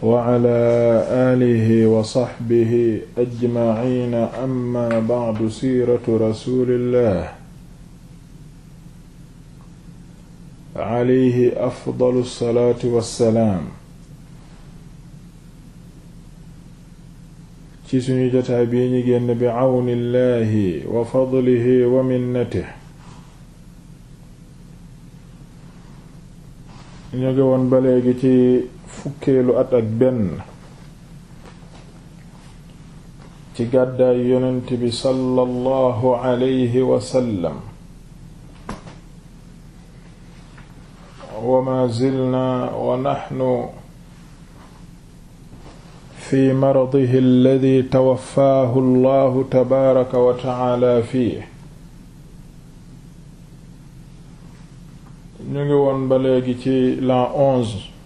wa cala aalihi wa saxbihi ajmaciina amma bacdu siiratu rasuulillah alayhi afdalu salaatu wassalaam ci suñu jotaay bi ñu génn bi cawni llahi wa fadlihi wa minnatihi ñu ngi woon ba léegi ci fukkeelu at ak benn ci gàddaay yonent bi sallallahu alayhi wasallam wa ma zilna wa naxnu fi maradihi alladi tawafaahu wa taala fii ñu ngi ba léegi ci l'an onze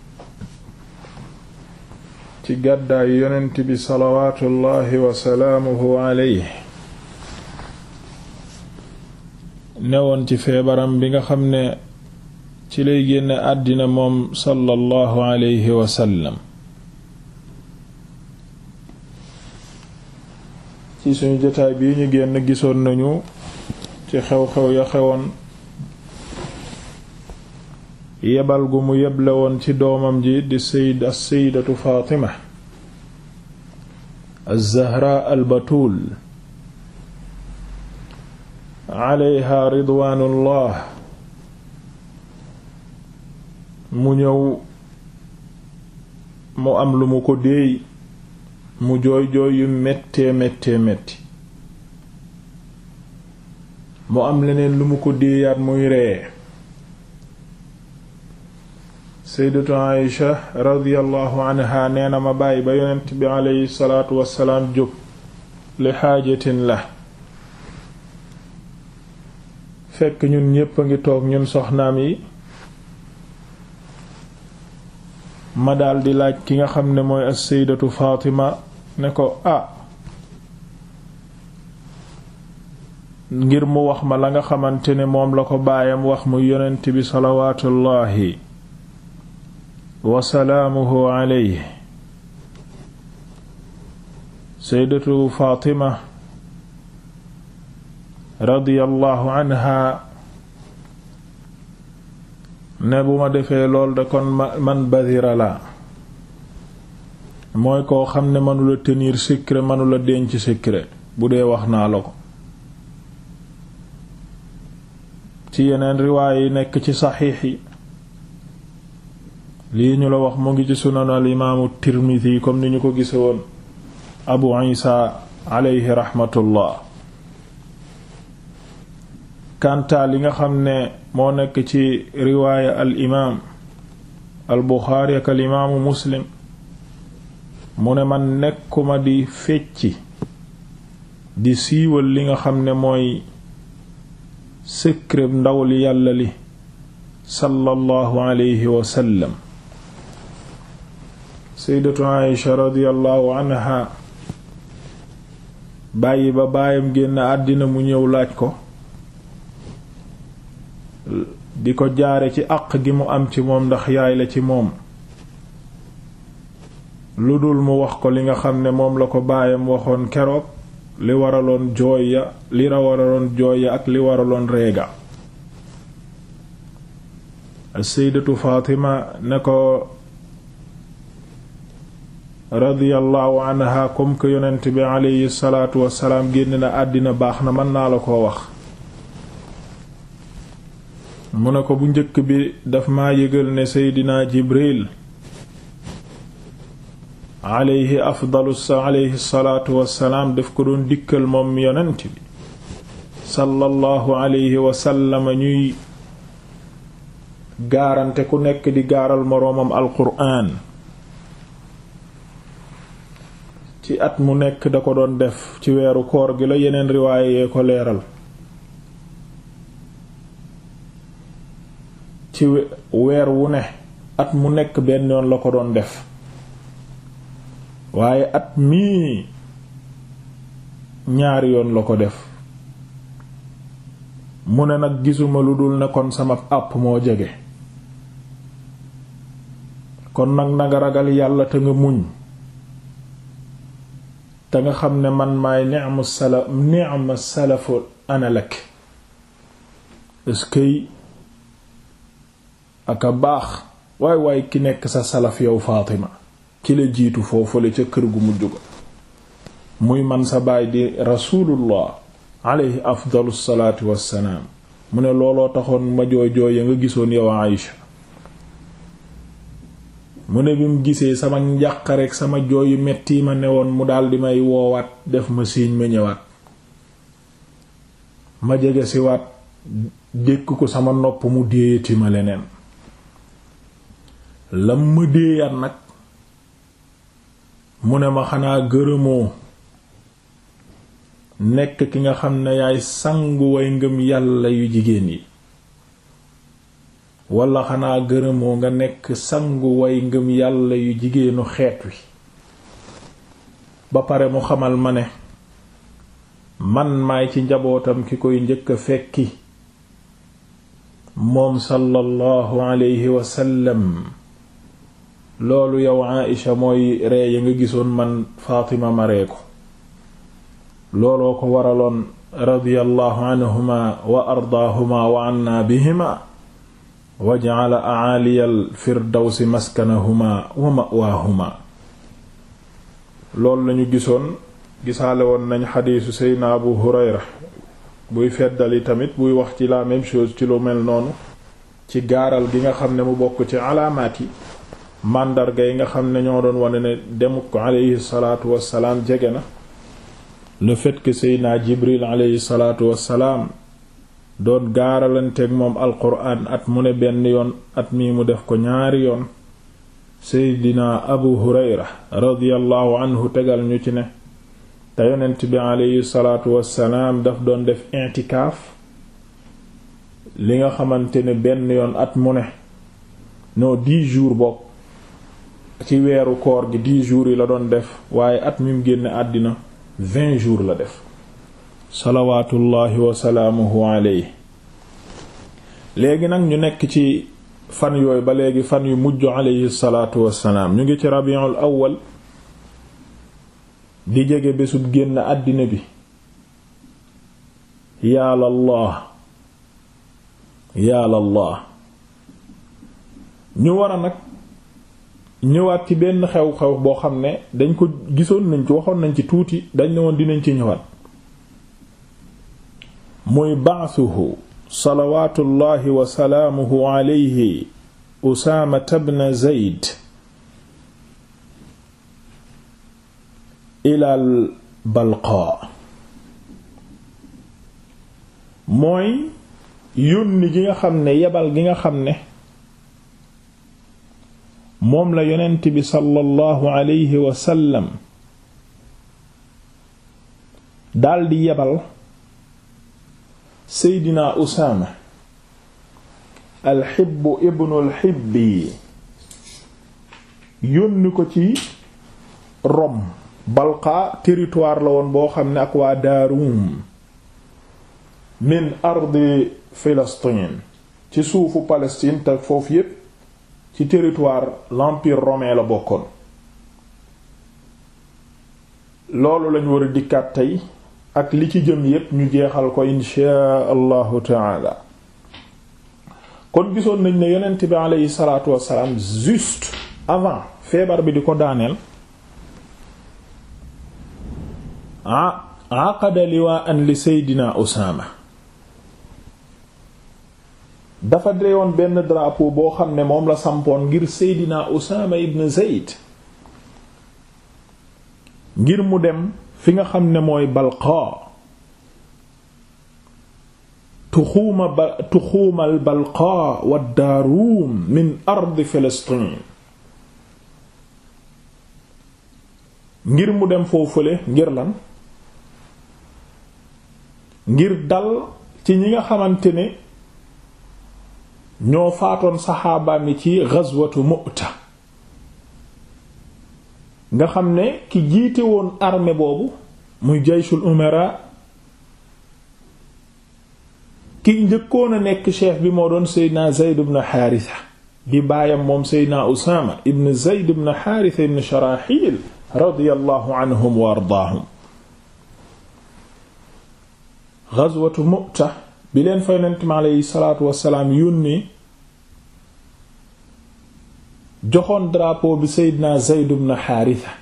ci gàddaay yonent bi salawaatullahi wa salaamuhu alayhi newoon ci feebaram bi nga xam ne ci lay génne àddina moom sallallahu alayhi wa sallam ci suñu jotaay bii ñu génn gisoon nañu ci xew-xew ya xewoon yebal gu mu yeble woon ci doomam ji di sayd as-sayyidatu Faatima az-Zahra al-Batuul mu ñëw mu am lu mu ko déey mu jooy jooy yu méttee méttee métti mu am leneen lu mu ko déeyaat muy ree saydatu aïsha radiyallahu anha nee na ma bàyyi ba yonent bi aleyhi salaatu wassalaam jóg li xaajatin la fekk ñun ñépp a ngi toog ñun soxnaam yi ma daldi laaj ki nga xam ne mooy as-saydatu Fatima ne ko ah ngir mu wax ma la nga xamante ne moom la ko baayam wax mu yonent bi salawaatullaahi wasalaamuhu alayhi saydatu faatima radiyallahu anha ne bu ma defee lool da kon man badira mooy koo xam ne manula tenir secret manula denc secret bu dee wax naa la ko ci yeneen riwaay yi nekk ci saxiix yi lii ñu la wax mu ngi ci sunan al imaamu comme ni ñu ko gise woon abu isa aleyhi rahmatullah kanta li nga xam ne moo nekk ci riwaaya al imaam al buxaari ak al imaamu muslim mu ne man nekkuma di fecci di siiwal li nga xam ne mooy secret ndaw li yàlla li sallallahu alayhi wa saydatu aisha radiyallahu anha bàyyi ba baayam génn àddina mu ñëw laaj ko di ko jaare ci àq gi mu am ci moom ndax yaay la ci moom lu dul mu wax ko li nga xam ne moom la ko baayam waxoon keroog li waraloon jooy ya li waraloon jooy ya ak li waraloon réega as-sayyidatu ne ko radiyallahu anha comme que yonent bi aleyhi salaatu salaam génn na àddina baax na mën naa la koo wax mu ne ko bu njëkk bi daf ma yëgal ne seydina jibril aleyhi afdalu aleyhi salaatu wasalaam daf ko doon dikkal moom yonent bi sallallahu aleyhi wasallama ñuy gaarante ku nekk di gaaral moroomam alquraan ci at mu nekk da ko doon def ci weeru koor gi la yeneen riwaaye yee ko leeral ci weer wu ne at mu nekk benn yoon la ko doon def waaye at mii ñaari yoon la ko def mu ne nag gisuma lu dul ne kon sama àpp moo jege kon nag nanga ragal yàlla te nga muñ te nga xam ne man maay ni'mu salaf ni'mu salafu ana lak eskey aka baax waay waay ki nekk sa salaf yow Fatima ki la jiitu foofale ca kër gu mujj ga muy man sa baay di rasulullah alayhi afdalu salaatu wassalaam mu ne looloo taxoon ma jooy jooy ya nga gisoon yow Aïcha mu ne bi mu gisee sama njàqareek sama yu metti ma ne woon mu daldi may woowaat def ma siiñ ma ñëwaat ma jege siwaat dékk ko sama nopp mu déeyati ma leneen lam ma déeyaat nag mu ne ma xanaa gërëmoo nekk ki nga xam ne yaay sangu ngëm yàlla yu jigéen yi wala xanaa gërëmoo nga nekk sangu way ngëm yàlla yu jigéenu xeet wi ba pare mu xamal ma ne man maay ci njabootam ki koy njëkk a fekki moom sallallahu alayhi wasallam loolu yow Aïcha mooy ree ya nga gisoon man Fatima ma ree ko looloo ko waraloon radiyallahu anhuma wa ardaahuma wa anna waj'ala a'aliyal firdawsi maskanahuma wa ma'waahuma loolu lañu gisoon gisaale woon nañ xadiisu seyna abu hurayra buy feddali tamit buy wax ci la même chose ci lu mel noonu ci gaaral gi nga xam ne mu bokk ci alaamaat yi màndarga yi nga xam ne ñoo doon wane ne demuk ko aleyhi salaatu wassalaam jege na le fait que seyna jibril aleyhi salaatu wassalaam doon gaaralanteeg moom alquraan at mu ne benn yoon at mii mu def ko ñaari yoon seydina abu hurayra radiyallahu anhu tegal ñu ci ne te yonent bi aleyhi salaatu wassalaam daf doon def intikaaf li nga xamante ne benn yoon at mu ne non dix jours bokk ci weeru koor gi dix jours yi la doon def waaye at mi mu génne àddina vingt jours la def salawaatullahi wasalaamuhu alayhi léegi nag ñu nekk ci fan yooyu ba léegi fan yu mujj alayhi salaatu wasalaam ñu ngi ci rabiul awwal di jege bésub génn àddina bi yaalallah yaalallah ñu war a nag ñëwaat ci benn xew-xew boo xam ne dañ ko gisoon nañ ci waxoon nañ ci tuuti dañ ne woon dinañ ci ñëwaat muy ba'thuhu salawaatullahi wa salaamuhu alayhi usaamata bna zayd ilaal balqa mooy yónni gi nga xam ne yebal gi nga xam ne moom la yonent bi sallallahu alayhi wa sallam daldi yebal seydina usaama alxibbu ibnul xibbi yónni ko ci rom balqa territoire la woon boo xam ne ak waa daarum min ardi ci suufu Palestine te foofu yépp ci territoire l'empire romain la bokkoon loolu lañu war dikkaat tey ak li ci jëm yépp ñu jeexal ko inshaa allahu taala kon gisoon nañ ne yonent bi aleyhi salaatu wassalaam juste avant feebar bi di ko daaneel ah aqada liwaan li seydina Usaama dafa dreewoon benn drapeau boo xam ne moom la sampoon ngir seydina Usaama ibn Zayd ngir mu dem fi nga xam ne mooy balqa tuxuuma ba tuxuumal balqa wa daaruum min ardi Filistin ngir mu dem foofule ngir lan ngir dal ci ñi nga xamante ne ñoo faatoon saxaabaam yi ci ghazwatu Mu'ta nga xam ne ki jiite woon arme boobu muy jayshul umara ki njëkkoon a nekk chef bi moo doon seydna zayd ibn xaarisa di baayam moom seydna usaama ibn zayd ibn xaarisa ibn sharaxil radiyallahu anhum wa ardaahum gazwatu mu'ta bi leen fa yonent mi joxoon drapeau bi seydina Zayd ibn Haritha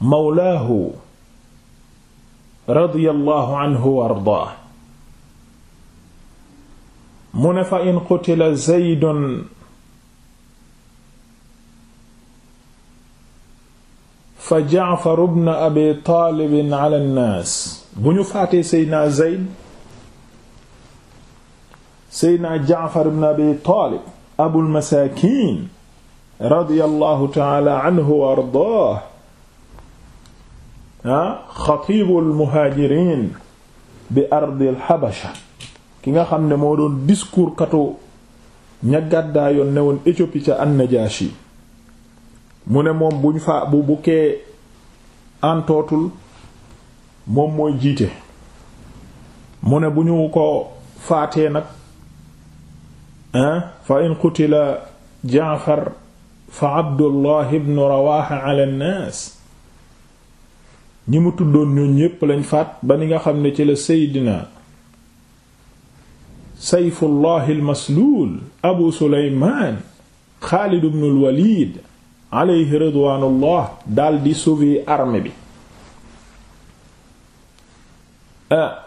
mawlaahu radiyallahu anhu wa ardaa mu ne fa in qutila Zaydun fa Ja'far ibn Abi Taalib ala nnaas bu ñu faatee seydina Zayd seydna jaafar ibn abi taalib abul masaakiin radiyallahu taala anhu wa ardaah bi ardil xabasha ki nga xam ne moo doon discours katu ña gàddaayoon ne woon Éthiopie ca Annajaashi mu ne moom buñ fa bu bukkee antootul moom mooy jiite mu ne bu ñu ko faate nag fa in qutila jaafar fa abdullah ibnu rawaxa ala nnaas ñi mu tuddoon ñoon ñépp lañ faat ba ni nga xam ne ci la seydina sayfullahi almasluul abu suleymaan xaalid ibnu alwalid aleyhi ridwaanullah daldi sauver armée bi ah,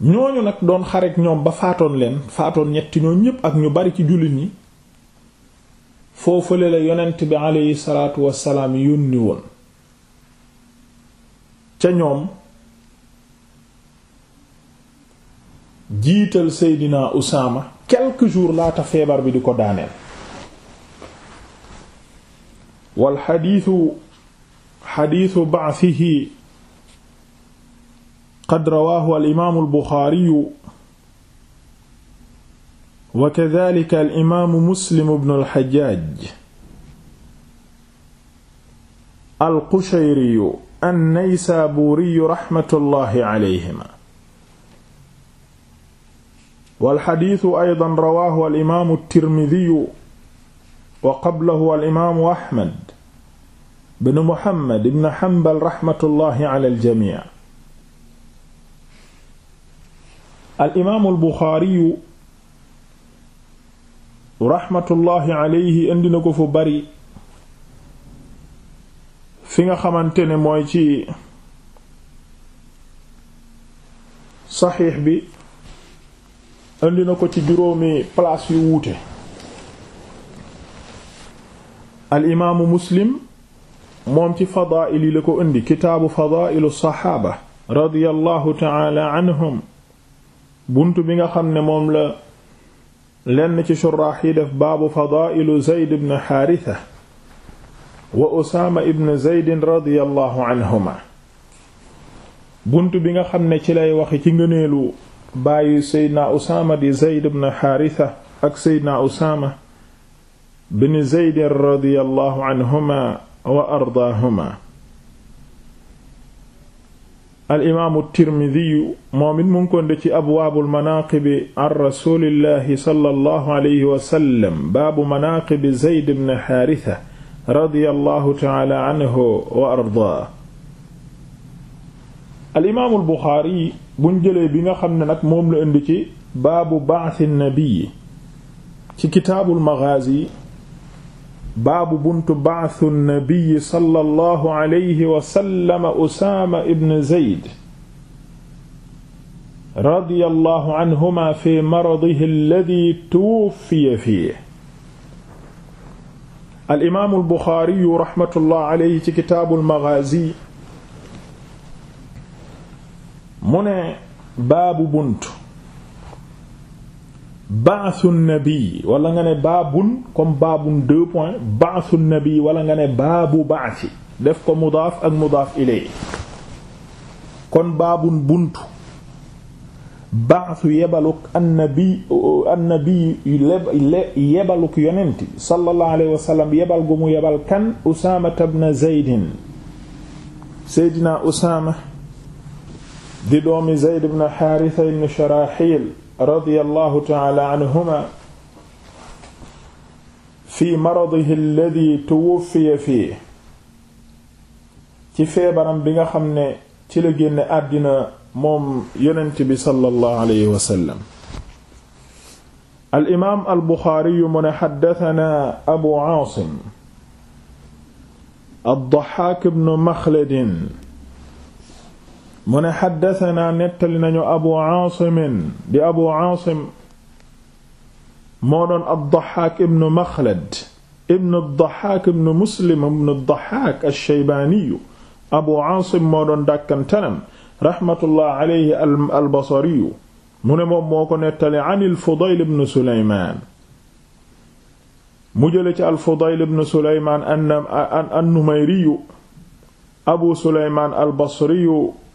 ñooñu nag doon xarek ñoom ba faatoon leen faatoon ñetti ñoom ñépp ak ñu bari ci jullit ñi foofale la yonent bi aleyhi salaatu wasalaam yónni woon ca ñoom jiital seydina Usaama quelques jour laata feebar bi di ko daaneel wal xadiisu xadiisu ba'sihi qad rawaahu al'imaamu albuxaariyu wa kadaalika al'imaamu muslim ibnu alxajjaaj alqushayriyu annaysaabuuriyu raxmatullahi alayhimaa. walxadiisu aydan rawaahu al'imaamu tirmidiyu wa qablahu al'imaamu axmed bnu muhammad ibnu xambal raxmatullahi alal jamii. al imaamu al buxaariyu raxmatullahi aleyhi indi na ko fu bari fi nga xamante ne mooy ci saxiix bi indi na ko ci juróomi place yu wuute al muslim moom ci fadaa'il yi la ko indi kitaabu fadaa'ilu saxaaba radiyallahu ta'ala anhum bunt bi nga xam ne moom la lenn ci shuraax yi def baabu fadaa'ilu zayd ibn xaarisa wa usaama ibn zaydin radiyallahu anhuma bunt bi nga xam ne ci lay waxi ci ngëneelu baayu seydna usaama di zayd ibn xaarisa ak seydna usaama bin zaydin radiyallahu anhuma wa ardaahuma al imaamu tirmidiyu moom it mu ngi konde ci abwaabul manaaqibi an rasulillahi sallallahu alayhi wa sallam baabu manaaqibi zayd ibn xaarisa radiyallahu ta'ala anhu wa ardaa al imaamul buxaari buñ jëlee bi nga xam ne nag moom la indi ci baabu ba'thi nabi ci kitaabul maghaazi baabu buntu ba'su nabiy sallallahu alayhi wa sallam Usaama ibn Zayd radiyallahu anhuma fi maradihi alladhi tuwuffiya fihi. al imaamul Buxaari rahmatullah aleyhi ci kitaabul maghaazi mu ne baabu buntu. baasu nabi wala nga ne baabun comme baabun deux points nabi wala nga ne baabu baasi def ko mudaaf ak mudaaf ilay kon baabun buntu baasu yebaluk annabi annabi yebaluk yonent bi sallallahu alayhi wa sallam yebal gu mu yebal kan Usaama ibn Zaydin Seydina Usaama di doomi Zayd ibn Haaritha ibn Sharaahil radiyallahu ta'ala anhuma fi maradihi alladhi tuwuffiya fihi ci feebaram bi nga xam ne ci la génne àddina moom yonent bi sallallahu alayhi wa sallam al imaam al buxaari mu ne xaddatanaa abu aasim ad-daxaak ibnu maxladin mu ne xaddatanaa nettali nañu abu aasimin di abu aasim moo doon addaxaak ibnu maxlad ibnu addaxaak ibnu muslim ibnu addaxaak alsheybaaniyu abu aasim moo doon dàkkantanam raxmatullah aleyhi albasariyu mu ne moom moo ko nettali an alfudayl ibnu suleymaan mu jële ci alfudayl ibnu suleymaan annumayriyu abu suleymaan albasriyu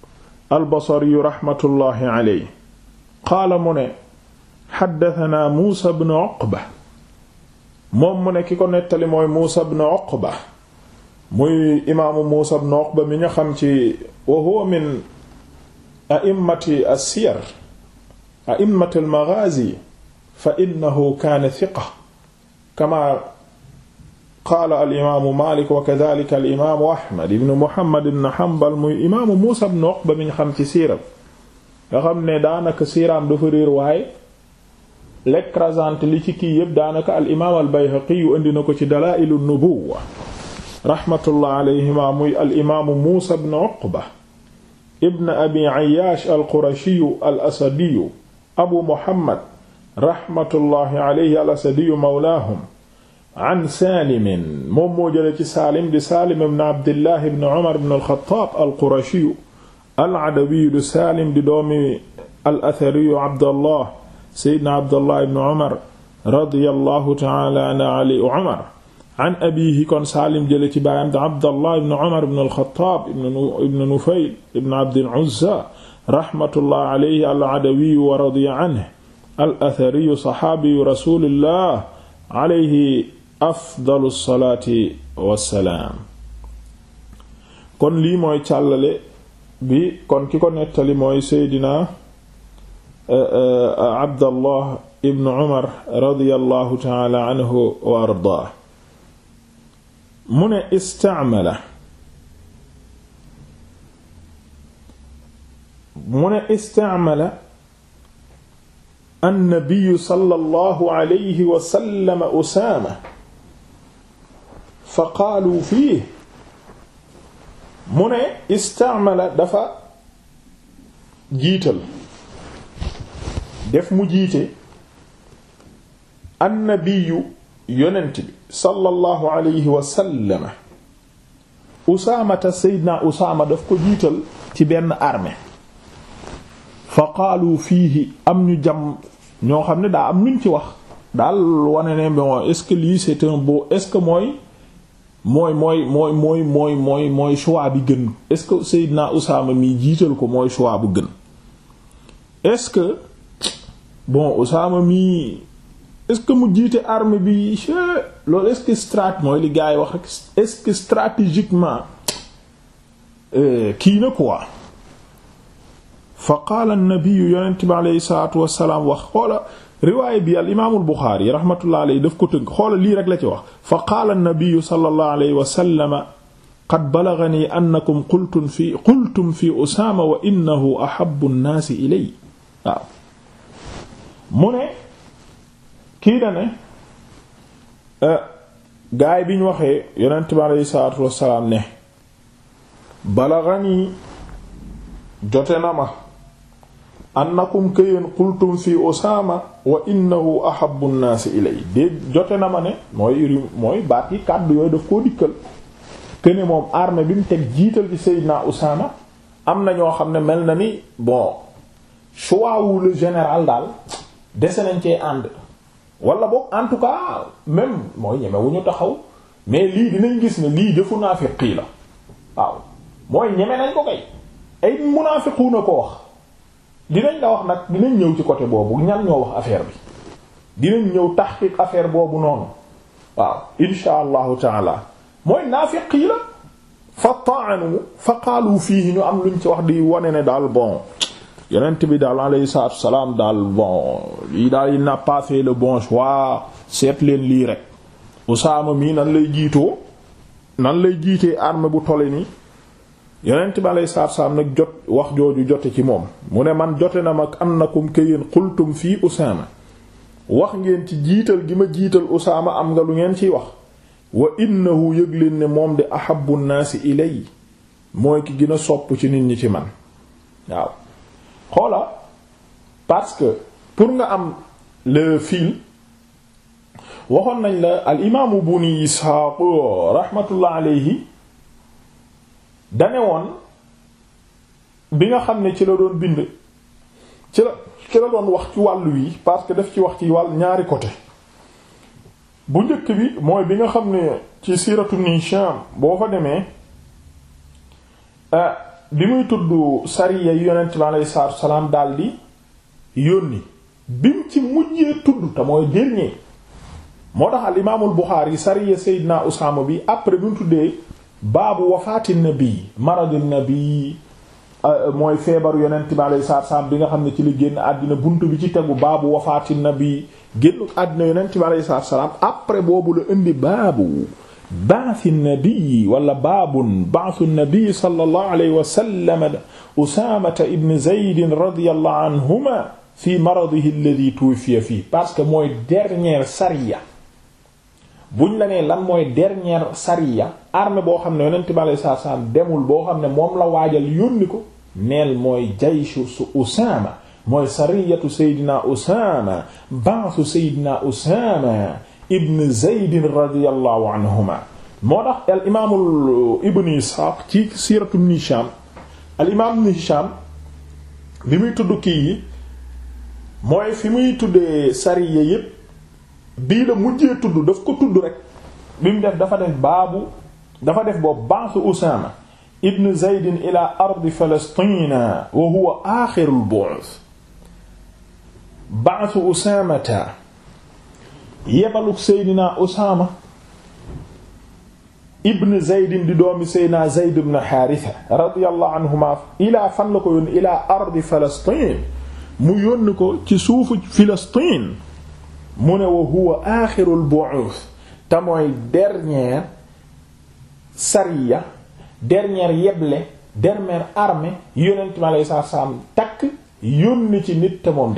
albasariyu raxmatullahi aley qaala mu ne xaddatanaa muusa bnu oqba moom mu ne ki ko nettali mooy muusa bnu oqba muy imaamu muusa bnu oqba mi ñu xam ci wa huwa min a'immati as-siyar a'immati al-maghaazi fa innahu kaana thiqa kama qaala alimaamu Maalik wa kadaalika alimaamu Ahmad ibn Muhammad ibn Hanbal muy imaamu Muusaa ibn Uqba mi ñu xam ci siiram nga xam ne daanaka siiraam dafa réer waaye l'écrasante li ci kii yëpp daanaka alimaam al-Bayhaqi yu indi na ko ci Dalaa'ilu Nubuwwa rahmatullah alayhima muy alimaamu Muusaa ibn Uqba ibn Abi Ayyaash al-Qurashiyu al-Asadiyu Abu Muhammad rahmatullahi alayhi al-Asadiyu mawlaahum an saalimin moom moo jële ci saalim di saalim ibn abdillah ibn umar ibn alxataab alqurashiyu aladawiyu di saalim di doomi alathariyu abdallah seydna abdallah ibn umar radiyallahu taala an umar an abiihi kon saalim jële ci baayam di abdallah ibn umar ibn alxataab ibn nufayl ibn abdil uzza rahmatullah alayhi aladawiyu wa radiya anhu alathariyu saxaabiyu rasulillah alayhi afdalu salaati wassalaam kon lii mooy càllale bi kon ki ko nettali mooy seydina eh, eh, abdallah ibn umar radiyallahu taala anhu wa ardaa mu ne istaamala mu ne istaamala annabiyu sallallahu alayhi wa sallam usaama fa qaalu fii mu ne istaamala dafa jiital def mu jiite annabiyu yonent bi sallallahu alayhi wa sallama usaamata seydina usaama daf ko jiital ci benn arme fa qaalu fiihi am ñu jam ñoo xam ne daa am luñ ci wax daal wane ne bon est-ce que lii c'est un beau mooy mooy mooy mooy mooy mooy mooy mooy choix bi gën est-ce que Seydina Usaama mi jiital ko mooy choix bu gën est-ce que bon Usaama mi est-ce que mu jiite armée bi loolu est-ce que mooy li gars yi wax rek est-ce que euh, kii na quoi fa qaala an-nabi yonent bi aleyhi salaatu wassalaam wax xoola riwaay bi al imaamul Buxaari rahmatullah alayhi daf ko tënk xoola lii rek la ci wax fa qaala an-nabiyyu sallallahu alayhi qad balaghanii annakum qultum fi qultum fi Usaama wa innahu ahabbu an mu ne kii da ne eh, gaay bi ñu waxee yonent bi alayhi salaatu wassalaam ne balaghanii jote na ma annakum këyeen qultum fi Usaama wa innahu ahabbu nnaasi ilay de jote na ma ne mooy iri mooy baat yi kàddu yooyu daf koo dikkal këne moom armée bi mu teg jiital ci Seydina Usaama am na ñoo xam ne mel na ni bon choix wu général daal dese nañ cee ànd wala boog en tout cas même mooy ñemewuñu taxaw mais lii dinañ gis ne lii jëfu naafiqi la waaw mooy ñeme nañ ko kay ay munaafiqu na ko wax dinañ la wax nag dinañ ñëw ci côté boobu ñan ñoo wax affaire bi dinañ ñëw tax tahqiq affaire boobu noonu waaw insha allah taala mooy naafiq yi la fa ta'anu fa qaalu fiihi ñu am luñ ci wax di wane ne daal bon yonent bi daal alayhi salaatu salaam daal bon lii daal il n'a pas fait le bon choix seet leen lii rek Usaama mii nan lay jiitoo nan lay jiitee arme bu tole nii yonent bi aleyhi salaatu salaam nag jot wax jooju jote ci moom mu ne man jote na mag annakum ke yéen xultum fii usaama wax ngeen ci jiital gi ma jiital usaama am nga lu ngeen ciy wax wa innahu yëg leen ne moom di ahabbu naasi ilay mooy ki gën sopp ci nit ñi ci man waaw xoola parce que pour nga am le fil waxoon nañ la al imaamu buni isxaaq rahmatullah aleyhi dane woon bi nga xam ne ci la doon bind ci la ci la doon wax ci wàllu wi parce que daf ci wax ci wàll ñaari côté bu njëkk bi mooy bi nga xam ne ci siiratu Hisham boo fa demee ah, bi muy tudd sariya yu yonent bi aleyhi salaatu salaam daldi yónni bim ci mujjee tudd te mooy dernier moo tax al imaamul Buxaari sariya Seydina Usaama bi après bi mu tuddee baabu wafaati nabi maradu nabi mooy feebaru yonent bi alayhi salaatu salaam bi nga xam ne ci li génn àddina bunt bi ci tegu baabu wafaati nabi génn àddina yonent bi alayhi salaatu salaam après boobu la indi baabu baasi nabi wala baabun baasu nabi sallallahu alayhi wa sallam Usaamata ibn Zayd radiyallahu anhuma fi maradihi alladhi tuwuffiya fihi parce que mooy dernière sariya buñ la nee lan mooy dernière sariya armée boo xam ne yonent bi alayhi salaam demul boo xam ne moom la waajal yónni ko neel mooy jayshu su Usaama mooy sariyatu Seydina Usaama ba'su Seydina Usaama ibn Zayd radiyallahu anhuma moo tax al imaamul uh, Ibn Isxaaq ci siiratu Ibn Hishaam al imaam bi muy tudd kii yi mooy fi muy tuddee sariya yépp bii la mujjee tudd daf ko tudd rek bi mu def dafa def baabu dafa def boobu baasu Usaama ibn Zaydin ila ardi Falastina wa huwa aaxirul bu'th baasu Usaamata yebaluk Seydina Usaama ibn Zaydin di doomi Seydina Zayd ibn Haarisa radiyallahu anhuma ilaa fan la ko yónni ilaa mu yónni ci suufu Filastin mu ne wa huwa aaxirul bu'uth te mooy dernière sariya dernière yeble dernière armée yonent mi aleyhi salaam takk yónni ci nit te demul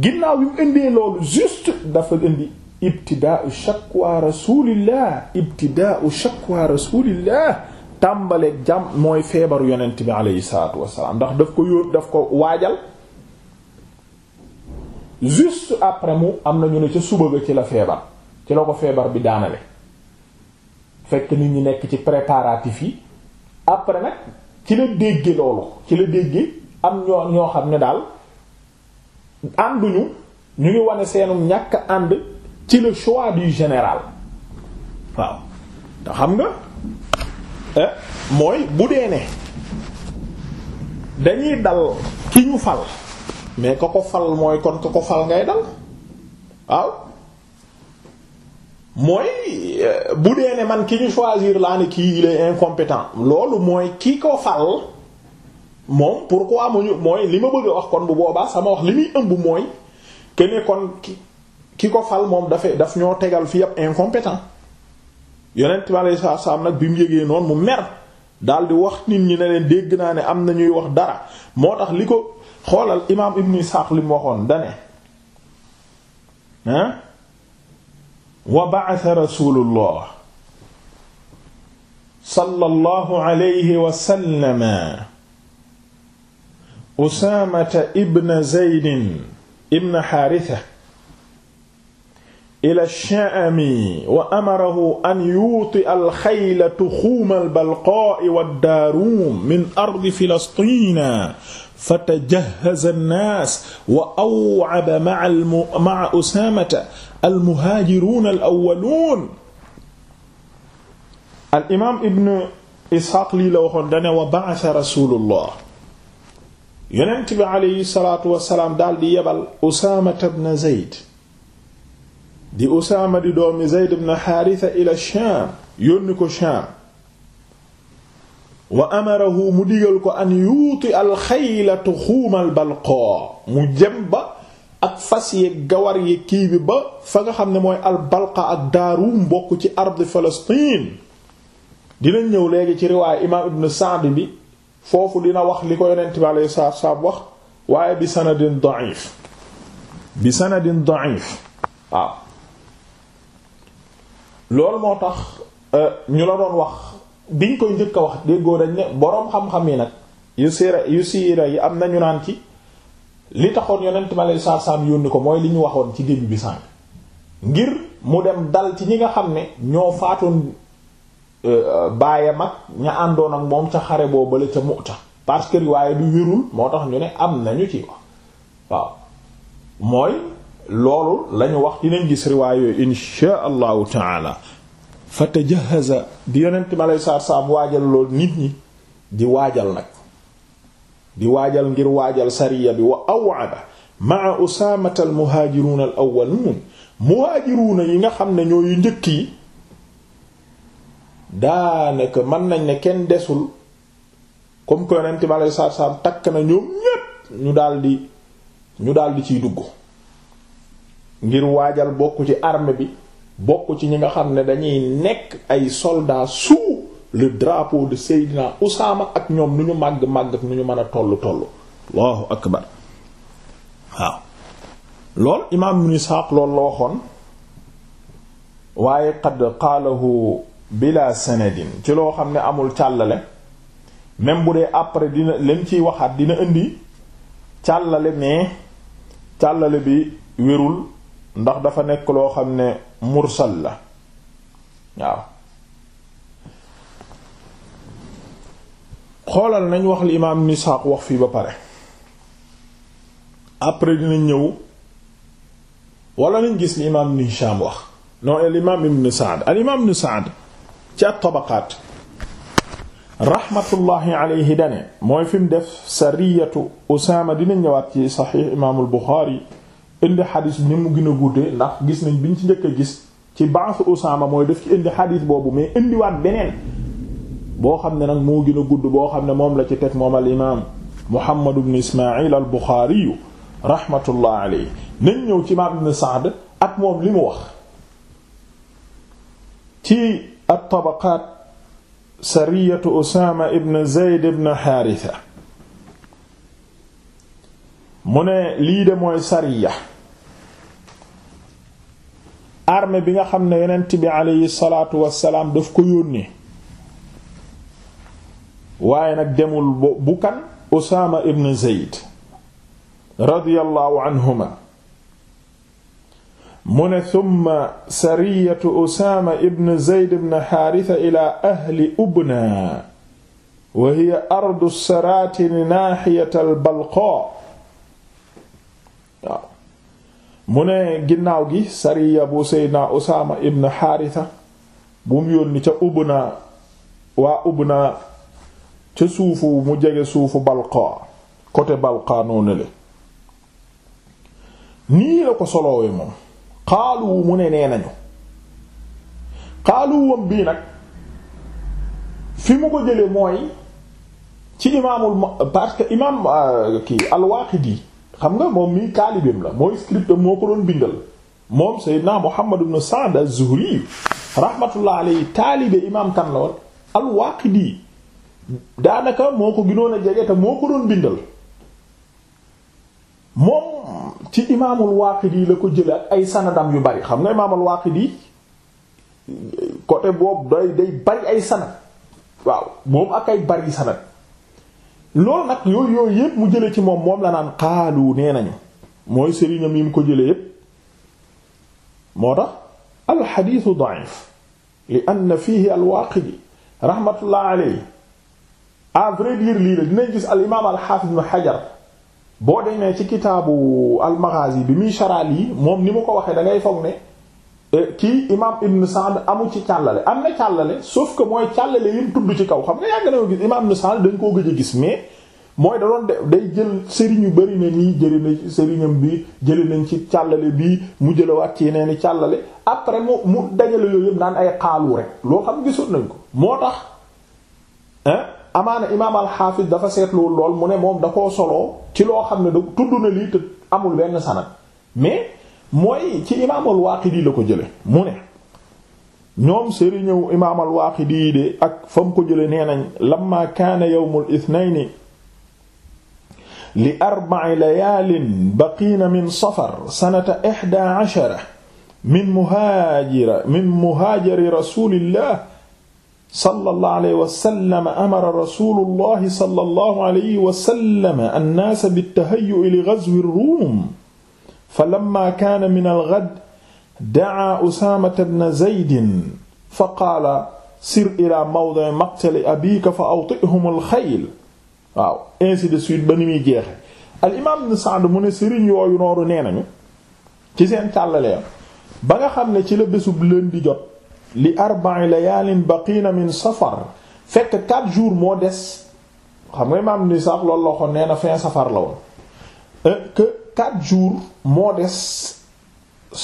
ginnaaw bi mu indee loolu juste dafa indi ibtidaau shakwa rasulillah ibtidaau shakwa rasulillah tàmbaleeg jàmm mooy feebaru yonent bi aleyhi salaatu wassalaam ndax daf ko yóbbu daf ko waajal juste après mu am nañu ne ca suba ga ci la feebar ci la ko feebar bi daanale fekk nit ñi nekk ci préparatifs yi après nag ci la dégge loolu ci la dégge am ñoo ñoo xam ne daal ànduñu ñu ngi wane seenum ñàkk ànd ci le choix du général waaw te xam nga eh, mooy bu dee ne dañuy dal ki ñu fal mais ka ko fal mooy kon ka ko fal ngay dal waaw mooy eh, bu dee ne man ki ñu choisir laa ne kii il est incompétent loolu mooy ki ko fal moom pour ko ñu mooy li ma bëgg a wax kon bu boobaa sama wax li muy ëmb mooy que ne kon ki ki ko fal moom dafay daf ñoo tegal fi ab incompétent yonent bi aleyhi salaatu nag bi mu yëgee noonu mu mer daal di wax nit ñi ne leen dégg naa ne am na ñuy wax dara moo tax li ko. xoolal imaam ibnu Isxaaq li mu waxoon dane ah wa ba'atha rasulullah sallallahu alayhi wa sallam Usaamata ibn Zaydin ibn Haaritha ila Shaami wa amarahu an yuuti al-xayla tuxuuma al-balqaa'i wa ad-daaruum min ardi Filastiina fatajahaza nnaas wa aw'aba ma'a usaamata almuhaajiruuna alawwaluun al imaam ibn isxaaq lii la waxoon dane wa ba'atha rasuulullah yonent bi aleyhi salaatu wasalaam daal di yebal usaamata bna zeyd di usaama di doomi zeyd bna xaarisa ila shaam yónni ko shaam wa amarahu mu digal ko an yuuti alxaylatu xuumal balqa mu jëm ba ak fas yeeg gawar yeeg kii bi ba fa nga xam ne mooy albalqa ak daarum bokk ci ardi Palestine dinañ ñëw léegi ci riwaay imaam ibn Sa'd bi foofu dina wax li ko yonent bi alayhi salaatu salaam wax waaye bi sanadin da'if bi sanadin da'if waaw loolu moo tax euh, ñu la doon wax biñ koy njëkk a wax déggoo dañ ne boroom xam-xam yi nag yu siira yu siira yi am nañu naan ci li taxoon yonent ma lay saar saam yónni ko mooy li ñu waxoon ci début bi sànq ngir mu dem dal ci ñi nga xam ne ñoo faatoon euh, baayam ak ña àndoon ak moom ca xare boo bale ca Mu'ta parce que riwaaye bi wérul moo tax ñu ne am nañu ci wax waaw mooy loolu lañu wax dinañ gis riwaay yooyu insha allahu taala fa tajahaza di yonent bi aleyhi salaatu salaam waajal lool nit ñi di waajal nag di waajal ngir waajal sariya bi wa awada maa usaamata al muhaajiruuna al awwaluun muhaajiruuna yi nga xam ne ñooyu njëkk yi daanaka mën nañ ne kenn desul comme que yonent bi aleyhi takk na ñoom ñépp ñu daldi ñu daldi ciy dugg ngir waajal bokk ci armée bi bokk ci ñi nga xam ne dañuy nekk ay soldats sous le drapeau de Seydina Usaama ak ñoom nu ñu màgg màgg ak nu ñu mën a tollu tollu Allahu akbar waaw lool la waxoon waaye qad qaalahu bila sanadin ci loo xam ne amul càllale même bu dee après dina leen ciy waxaat dina indi càllale mais càllale bi wérul ndax dafa nekk loo xam ne mursal la waaw xoolal nañ wax li imaam ibn wax fii ba pare après dinañ ñëw wala nañ gis li imaam ibn Hishaam wax non al imaam ibn Saad al imaam ibn Saad ci at-Tabaqaat raxmatullahi alayhi dane mooy fi mu def sariyatu Usaama dinañ ñëwaat ci saxiix imaamul Buxaari indi xadis bi ni mu gën a guute ndax gis nañ biñ ci njëkk a gis ci baasu Usaama mooy def ci indi xadis boobu mais indiwaat beneen boo xam ne nag moo gën a gudd boo xam ne moom la ci teg moom al imaam Muhammad ibn Ismaa'il al Buxaari rahmatullah alayhi nañ ñëw ci imaam ibn Sa'd ak moom li mu wax ci at-Tabaqaat sariyatu Usaama ibn Zayd ibn Haaritha mu ne lii de mooy sariya armée bi nga xam ne yonent bi aleyhi salaatu wassalaam daf ko yónnee waaye nag demul bu kan Usaama ibn Zayd radiyallahu anhuma mu ne thumma sariyatu Usaama ibn Zayd ibn Haarisa ila ahli Ubna wa hiya ardu saratin naaxiyatal Balqaa mu ne ginnaaw gi sariya bu seydna Usaama ibn Haarisa bu mu yónni ca Ubna waa Ubna ca suufu mu jege suufu Balqa côté Balqa noonu le nii la ko soloowe moom xaalu mu ne nee nañu xaalu wam bii nag fi mu ko jële mooy ci imaamul parce que imaam euh, ki al-Waaqidi xam nga moom mii taalibeem la mooy script moo ko doon bindal moom Seydina Muhammad ibn Sa'd az-Zuhri rahmatullah alayhi taalibe imaam kan la woon al-Waaqidi daanaka moo ko ginoon a jege te moo ko doon bindal moom ci imaamul Waaqidi la ko jël ak ay sanadam yu bari xam nga imaamul Waaqidi côté boobu day day bari ay sanad waaw moom ak ay bari sanad loolu nag yooyu yooyu yépp mu jële ci moom moom la naan xaalu nee nañu mooy sëriñam yi mu ko jële yépp moo tax alxadiisu da'if li anna fiihi alwaaqidi rahmatullah alayhi à vrai lii la dinañ gis al imaam alxaafis ibn xajar boo demee ci kitaabu almaghaazi bi muy sharaal yi moom ni mu ko waxee da ngay foog ne Euh, kii imam Ibn Sa'd amu ci càllale am na càllale sauf que mooy càllale yi tudd ci kaw xam ne yàgg na gis imam Ibn Sa'd dañ koo gëj a gis mais mooy da doon day jël sëriñ yu bari na nii jëli na sëriñam bi jëli nañ ci càllale bii mu jëlawaat ci yeneen i càllale après mu mu dajale yooyu yëpp naan ay xaalu rek loo xam gisoon nañ ko moo tax amaana imaam al-Hafiz dafa seetluwul lool mu ne moom da koo soloo ci loo xam ne da tudd na lii te amul benn sanad mais mooy ci imaamul Waaqidi la ko jële mu ne ñoom sëriñëw imaamul Waaqidi de ak fa mu ko jële nee nañ lamma kaana yawmul ithnayni li arba'i layaalin baqiina min safar sanata ihdaa ashara min muhaajira min muhaajiri rasuulillah sallallahu alayhi wa sallam amara rasuulullah sallallahu alayhi wa sallam annaasa bittahayyu'i li ghazwi ruum fa lamma kaana min alghad daa usaamata bna zaydin fa qaala sir ila mawdi maqtali abika fa awtihum alxayl waaw ainsi de suite ba ni muy jeexe al imaam ibn Sa'd mu ne sëriñ yooyu nooru nee nañu ci seen càllaleem ba nga xam ne ci la bésub lundi jot li arba'i layaalin baqiina min safar fekk quatre jours moo des xam nga imaam ibn Sa'd loolu la ko nee na fin safar la woon euh, que quatre jours moo des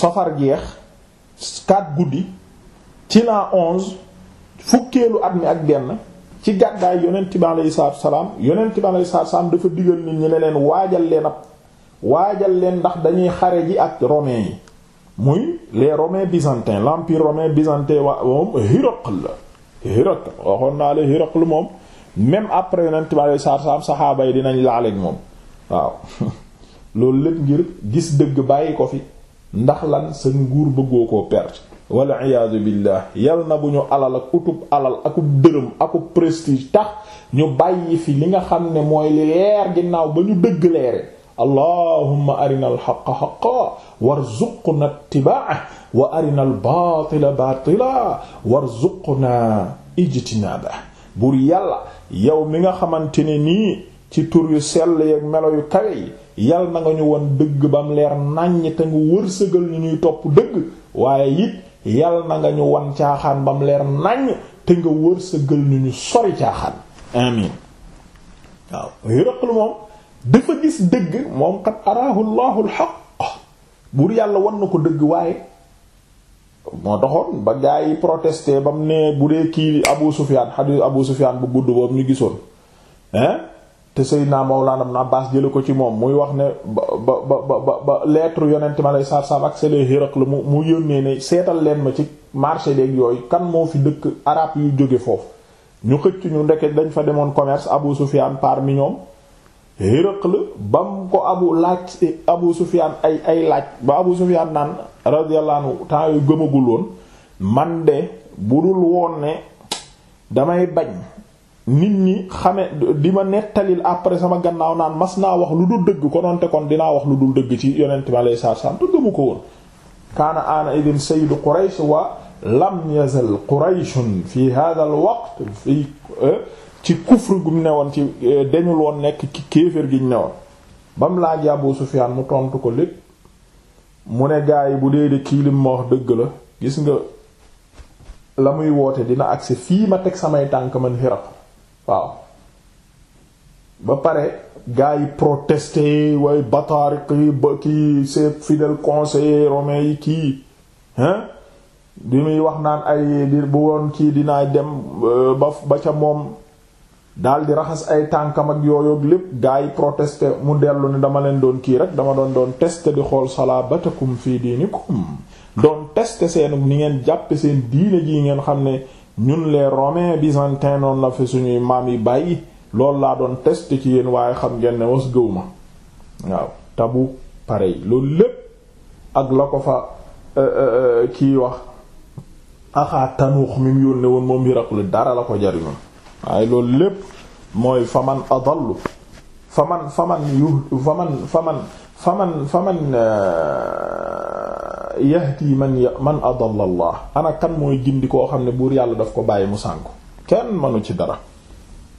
safar jeex quatre guddi ci la onze fukkeelu at mi ak benn ci gàddaay yonent bi aleyhi salaatu salaam yonent bi aleyhi salaatu salaam dafa digal nit ñi ne leen waajal leen ab waajal leen ndax dañuy xare ji ak romain yi muy les romains byzantins l'empire romain byzantin wa moom Hiraql la waxoon naa la Hiraql moom même après yonent bi aleyhi salaatu salaam saxaaba yi dinañ laaleeg moom waaw loolu lépp ngir gis dëgg bàyyi ko fi ndax lan sa nguur bëggoo ko perte walla iyaatu billaah yal na bu ñu alal ak utub alal akub dërëm akub prestige tax ñu bàyyi fi li nga xam ne mooy li leer ginnaaw ba ñu dëgg leere allahumma arina alxaqa xaqa warzuqna ittibaa wa arina albaatila baatila warzuqna ijtinaaba buur yàlla yow mi nga xamante ne nii ci tur yu sell yeeg melo yu kawe yi yal na nga ñu won dëgg ba mu leer nàññ te nga wërsëgal ñu ñuy topp dëgg waaye it yal na nga ñu won caaxaan ba leer nàññ te nga wërsëgal ñu ñu sori caaxaan amin waaw Hiraql moom dafa gis dëgg moom kat araahu llahu buur yàlla wan na ko dëgg waaye moo taxoon ba gaa yi protesté ba mu bu dee kii Abu Sufyaan xadiis Abu Sufyaan bu gudd boobu ñu gisoon hein te Seydina Mawlana Ibn Abbas jële ko ci moom muy wax ne ba ba ba ba ba lettre yonent ma lay saar saab ak sele Hiraql mu mu yónnee ne seetal leen ma ci marché beeg yooyu kan moo fi dëkk arab yu jóge foofu ñu xëcc ñu ndeket dañ fa demoon commerce Abu Sufyan parmi ñoom Hiraql bam ko abu laaj Abu Sufyan ay ay laaj ba Abu Sufyan naan radiyallahu anhu temps yu gëmagul woon man de bu dul woon ne damay bañ nit ñi xame di ma nettalil après sama gannaaw naan mas naa wax lu dul dëgg kononte kon dinaa wax lu dul dëgg ci yonent bi alayhi salaatu salaam te gëmu ko woon kaana aana idin sayyidu quraysh wa lam yazal qurayshun fi hadha al fi eh, ci kufr gum ne woon ci eh, dañul woon nekk ci kéefër giñ ne woon ba mu laaj Abu Sufyaan mu tontu ko lépp mu ne gaa bu dee de kii lim ma wax dëgg la gis nga la muy woote dina agsi fii ma teg samay tànk man xiraq waaw ba pare gars yi protesté way bataar ki ba ki ses fidèles conseil romains yi kii hein bi muy wax naan ay di bu woon kii dinaa dem euh, ba ba ca moom daal di raxas ay tànkam ak yooyoog lépp gars yi protesté mu dellu ne dama leen doon kii rek dama doon doon teste di xool salabatakum fii diinikum doon teste seen ni ngeen jàppe seen diine ji ngeen xam ne ñun les romains byzantins noonu la fi suñuy maam yi bàyyi loolu laa doon test ci yéen waaye xam ngeen ne was gëw ma waaw tabu pareil loolu lépp ak la ko fa euh, euh, euh, kii wax axaa tanuux mi mu yónnee woon moom Hiraql dara la ko jariñoon waaye loolu lépp mooy faman adallu faman faman yu faman faman faman faman yahdi man man adalla Allah ana kan mooy gindi koo xam ne buur yàlla daf ko bàyyi mu sànku kenn mënu ci dara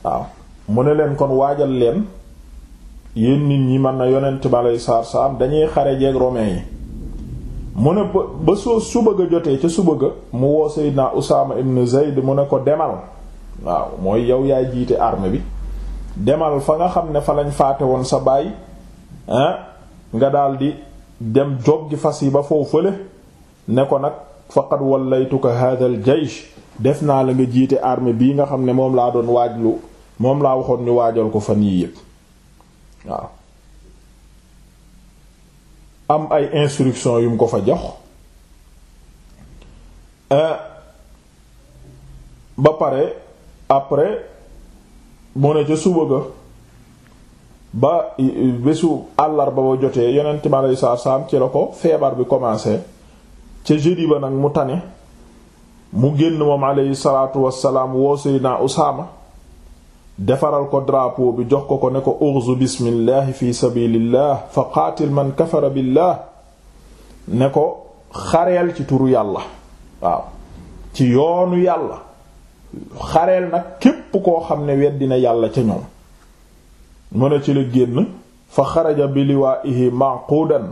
waaw mu ne leen kon waajal leen yéen nit ñi mën na yonent ba lay saar saar dañuy xare jeeg romain yi mu ne ba ba soo suba jotee ca suba ga mu woo Seydina Usaama ibn Zayd mu ne ko demal waaw mooy yow yaay jiite armée bi demal fa nga xam ne fa lañ faate woon sa baay nga daldi dem job gi fas yi ba foofu fële ne ko nag faqad wallaytuka hadha al jaysh def naa la nga jiite armée bi nga xam ne moom laa doon waaj lu moom laa waxoon ñu waajal ko fan yii yépp waaw am ay instruction yum ko fa jox euh, ba pare après mu ne ca suba ga ba bésu àllarba ba jotee yonent bi aleyhi salaatu salaam ci la ko feebar bi commencé ca jeudi ba nag mu tane mu génn moom aleyhi salaatu wassalaam woo Seydina Usaama defaral ko drapeau bi jox ko ko ne ko urzu bismillahi fi sabilillah fa qaatil man kafara billah ne ko xareel ci turu yàlla waaw ci yoonu yàlla xareel nag képp koo xam ne weddina yàlla ca ñoom mu ne ci la génn fa xaraja bi liwaa'ihi ma'quudan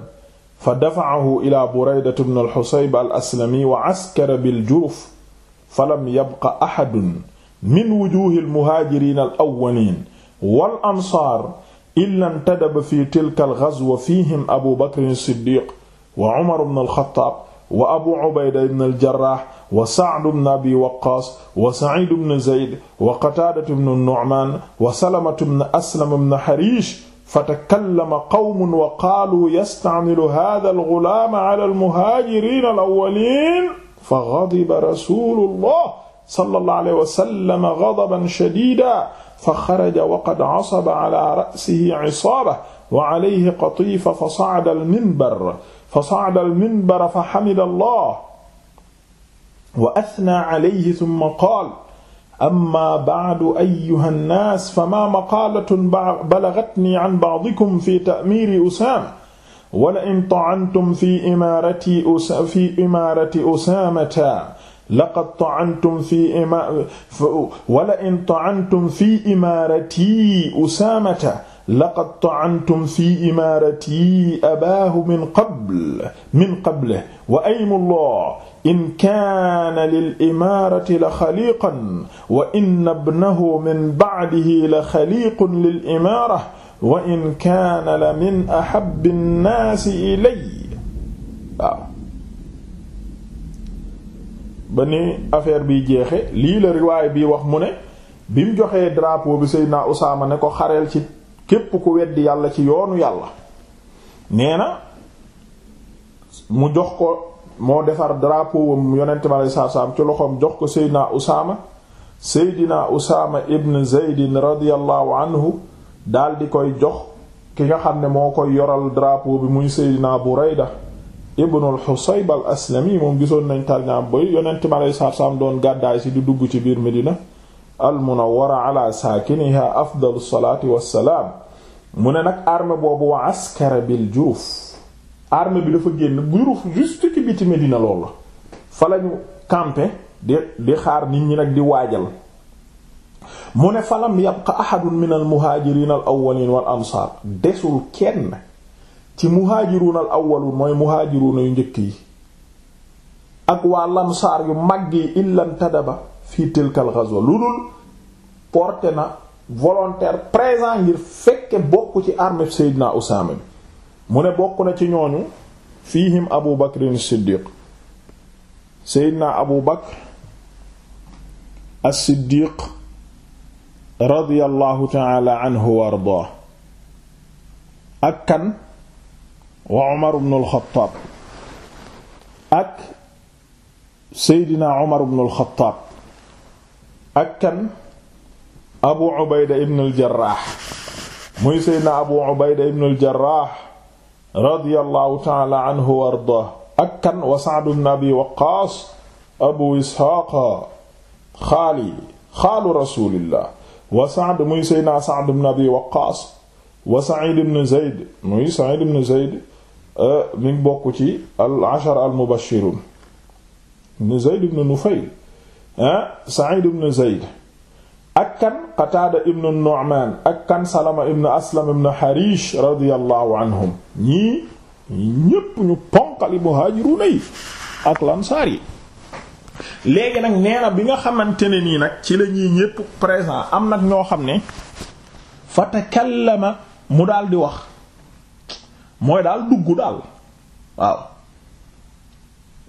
fa dafa'ahu ila Burayda ibn al-Husayb al-Aslami wa askara bil juruf falam yabqa ahadun min wujuuhi al-muhaajiriin al-awwaliin wal ansaar illaa intadaba fi tilka al-ghazwa fiihim Abu Bakr as-Siddiq wa Umar ibn al-Khattaab wa abu ubayda ibn al-jarrah wa sa'd ibn abi waqqas wa sa'id ibn zayd wa qataadatu ibn nu'man wa salamatu ibn aslam ibn harish fatakallama qawmun wa qaaluu yasta'milu haadha al-ghulaama 'ala al-muhaajiriina al-awwaliin faghadiba rasuulullah sallallahu alayhi wa sallam ghadaban shadiidan faxaraja wa qad 'asaba 'alaa ra'sihi 'isaaba wa 'alayhi qatiifa fasa'ada al-minbar fa sa'ada al-minbara fa hamida Allah wa athna alayhi thumma qaala amma ba'du ayyuha an-naas famaa maqaalatun balagatnii an ba'dikum fii ta'miiri Usaama wala in ta'antum fi imaarati Usa fi imaarati Usaamata laqad ta'antum fi ima wala in ta'antum fi imaarati Usaamata laqad ta'antum fi imaarati abaahu min qabl min qablihi wa aymu llah in kaana lil imaarati la xaliiqan wa inna ibnahu min ba'dihi la xaliiqun lil imaara wa in kaana la min ahabbi nnaasi ilayya waaw. ba ni affaire biy jeexe lii la riwaay bi wax mu ne bim joxee drapeau bi Seydina Usaama ne ko xareel ci. képp ku weddi yàlla ci yoonu yàlla nee na mu jox ko moo defar drapeau wam yonent bi ci loxoom jox ko seydina usaama seydina usaama ibn zeydin radiallahu anhu daal di koy jox ki nga xam ne moo koy yoral drapeau bi muy seydina burayda ibnul xusayb al aslami moom gisoon nañ tarñaam bay yonent bi alei doon gàddaay si di dugg ci biir medina almunawwara ala saakiniha afdalu salaati wassalaam mu ne nag arme boobu wa askara bil juruf arme bi dafa génn juruf juste ci biti Medina lool la fa lañu campé di di xaar nit ñi nag di waajal mu ne falam yabqa ahadun min al muhaajiriin al awwaliin wal ansaar desul kenn ci muhaajiruun al awwaluun mooy muhaajiruun yu njëkk yi ak waa lansaar yu mag yi illan tadaba fii tilkal ghazwa lu dul porté na volontaire présent ngir fekke bokk ci armée Seydina Usaama bi mu ne bokk na ci ñooñu fiihim Abu Bakr as-Siddiq Seydina Abu Bakr as-Siddiq ta'ala anhu wa ardaa ak kan wa Umar ibn al-Khattab ak Seydina Umar ibn al-Khattab ak kan abu ubayda ibn al jarraax muy seydna abu ubayda ibn al jarraax radiyallahu taala anhu wa ardaah ak kan wa sa'd ibn abi waqqaas abu isxaaqa xaali xaalu rasulillah wa sa'd muy seydna sa'd ibn abi waqqaas wa sa'id ibn zayd muy sa'id ibn zayd eh, mi ngi bokk ci al ashar al mubashirun ibn zayd ibn nufayl Sa'id ibn Zayd ak kan Qataada ibn Nu'man ak Salama ibn Aslam ibn Harish radiyallahu anhum ñii ñépp ñu ponkali muhajiruna yi ak lansaar yi léegi nag nee na bi nga xamante ne nii nag ci lañuy ñuy ñépp présent am nag ñoo xam ne fa takallama mu dal di wax mooy daal dugg daal waaw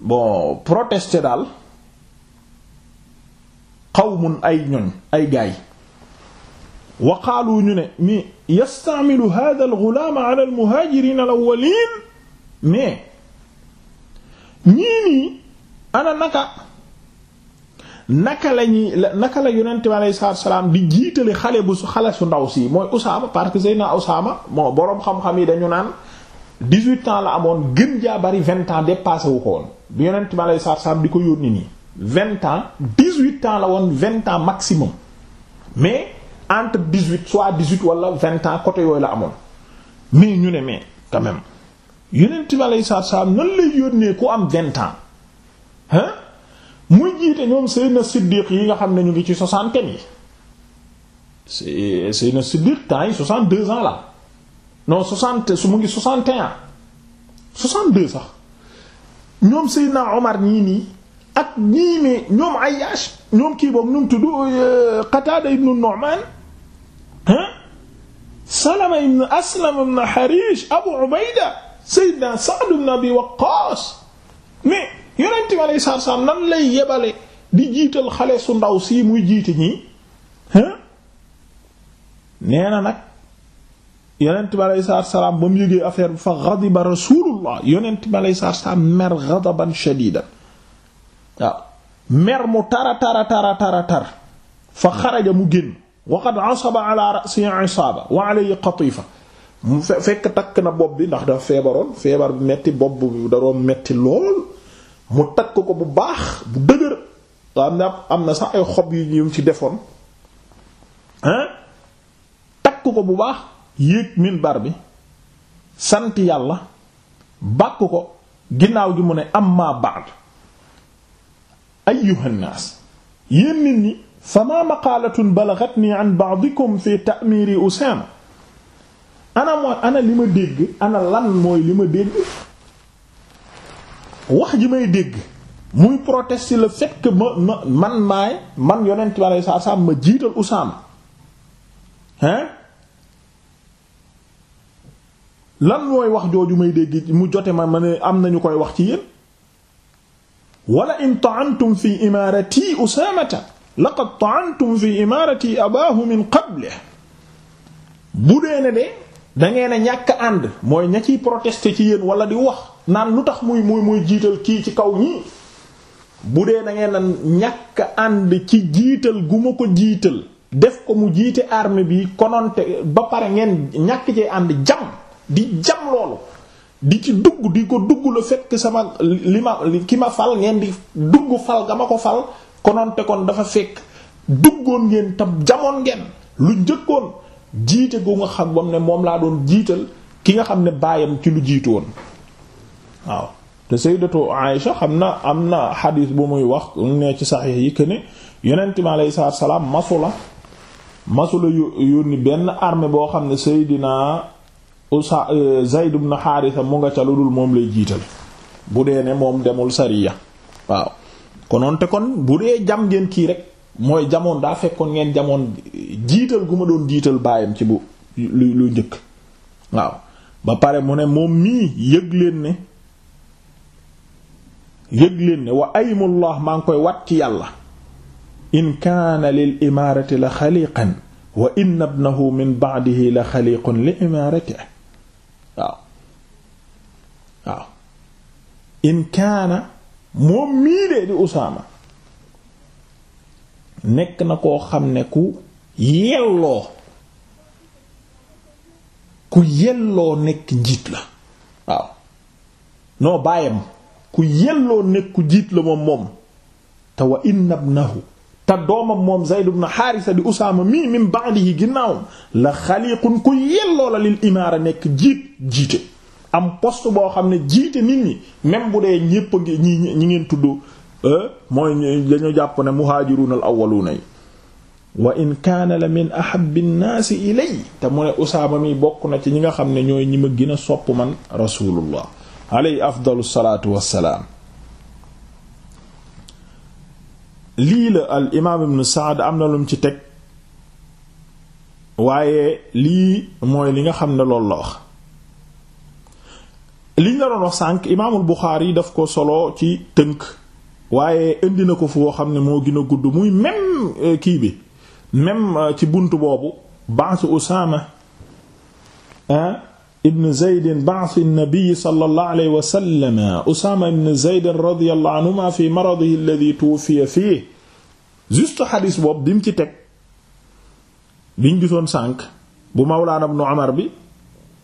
bon protester daal qawmun ay ñoñ ay gaay wa ñu ne mi yastaamilu hada alxulaama ala almuhaajiriin alawwaliin mais ñii nii ana naka naka la ñuy naka la yonent bi alayhi salaatu salaam di jiitale xale bu su xale su ndaw si mooy Usaama parce que Seydina Usaama moo boroom xam-xam yi dañu naan dix-huit ans la amoon gën jaa bari vingt ans dépassé wu ko woon bi yonent bi alayhi salaatu di ko yónni nii vingt ans dix-huit ans la woon vingt ans maximum mais entre dix-huit soit dix-huit wala vingt ans côté yooyu la amoon mais ñu ne mais quand même yeneen tubaab lay saa saa nan lay yónnee ku am vingt ans hein muy jiite ñoom Seydina Siddiq yi nga xam ne ñu ngi ci soixantaine yi Seydina Siddiq temps yi soixante-deux ans la non soixante su mu ngi soixante et soixante-deux sax ñoom naa Omar ñii nii. ak ñii ne ñoom Ayyash ñoom kii boobu ñoom tudd euh, Qatada ibnu Nu'man Salama ibn Aslam ibn Harish Abu Ubayda Sayyidna Sa'd ibn Abi Waqqas mais yonent bi alayhi salaatu salaam nan lay yebale di jiital xale su ndaw sii muy jiite ñii nee na nag yonent bi alayhi salaatu salaam ba mu yëgee affaire bi fa ghadiba Rasulullah yonent bi alayhi salaatu salaam mer ghadaban shadidan waaw mer mu tara tara tara tara tar fa xaraja mu génn wa qad asaba ala ra'si isaba wa alayhi qatifa mu fekk takk na bopp bi ndax dafa feebaroon feebar bi metti bopp bi da doon metti lool mu takk ko bu baax bu dëgër am am na sax ay xob yu ñu ci defoon hein takk ko bu baax yéeg bar bi sant yàlla bàkk ko ginnaaw gi mu ne amma ba'd ayyuhannaas yéen nit ñi fama maqaalatun balagatni an ba'dikum fi ta'miri Usaama ana mooy ana li ma dégg ana lan mooy li ma dégg wax ji may dégg muy protester le fait ma man maay man yonent bi saa saa ma jiital Usaama hein lan mooy wax jooju may dégg mu jote ma ma ne am nañu koy wax ci yéen wala in ta'antum fi imarati usamata laqad ta'antum fi imarati abahu min qabli bu dee ne de da a ñàkk ànd mooy ña ciy protester ci yéen wala di wax naan lu tax muy muy muy jiital kii ci kaw ñii bu dee da ngeen a ñàkk ànd ci jiital gu ma ko jiital def ko mu jiite armée bi kononte ba pare ngeen ñàkk cee ànd jam di jam loolu di ci dugg di ko dugg le fait que sama li ma ki ma fal ngeen di dugg fal ga ma ko fal kononte kon dafa fekk duggoon ngeen tam jamoon ngeen lu njëkkoon jiite gu nga xam ne moom laa doon jiital ki nga xam ne baayam ci lu jiitu woon waaw te sayyidatu Aïsha xam na am na xadiis bu muy wax ne ci saxiix yi que ne yonent mi alayhi salaatu wa salaam boo xam ne Seydina usa eh, Zayd ibn Haarisa mu nga ca lu dul moom lay jiital bu dee ne moom demul sariya waaw konoon te kon bu dee jam ngeen kii rek mooy jamoon daa fekkoon ngeen jamoon jiital gu ma doon jiital baayam ci bu lu lu njëkk waaw ba pare mu ne moom mii yëg leen ne yëg leen ne wa aymullah maa ngi koy wat ci yàlla in kaana lil imaarati la xaliqan wa inna ibnahu min ba'dihi la xaliqun li imaaratihi in kaana moom mii dee di Usaama nekk na koo xam ne ku yelloo ku yelloo nekk njiit la waaw noo baayam ku yelloo nekk ku jiit la moom moom te wa inna ibnahu te doomam moom Zayd ibn Haarisa di Usaama mii min ba'dihi ginnaawam la xaliqun ku yelloo la lil imaara nekk jiit jiite am poste boo xam ne jiite nit ñi même bu dee ñépp ngi ñi ñi ngeen tudd euh, mooy dañu jàpp ne muhaajiruunal awwaluuna yi wa in kaana la min ahabbi nnaasi ilay te mu ne usaama mi bokk na ci ñi nga xam ne ñooy ñi ma gën a sopp man rasulullah alayhi afdalu salaatu wassalaam lii la al imaam ibn Saad am na lum ci teg waaye lii mooy li nga xam ne loolu la wax liñ la doon wax sànq imaamul Buxaari daf ko solo ci tënk waaye indi na ko foo xam ne moo gën a gudd muy même euh, kii bi même euh, ci bunt boobu ba'su Usaama ibn Zayd ba'su an-nabi sallallahu alayhi wa sallam Usaama ibn Zayd radiyallahu anhuma fi maradihi alladhi tuwuffiya fihi juste xadis boobu bi mu ci teg biñ gisoon sànq bu Mawlaana ibn Umar bi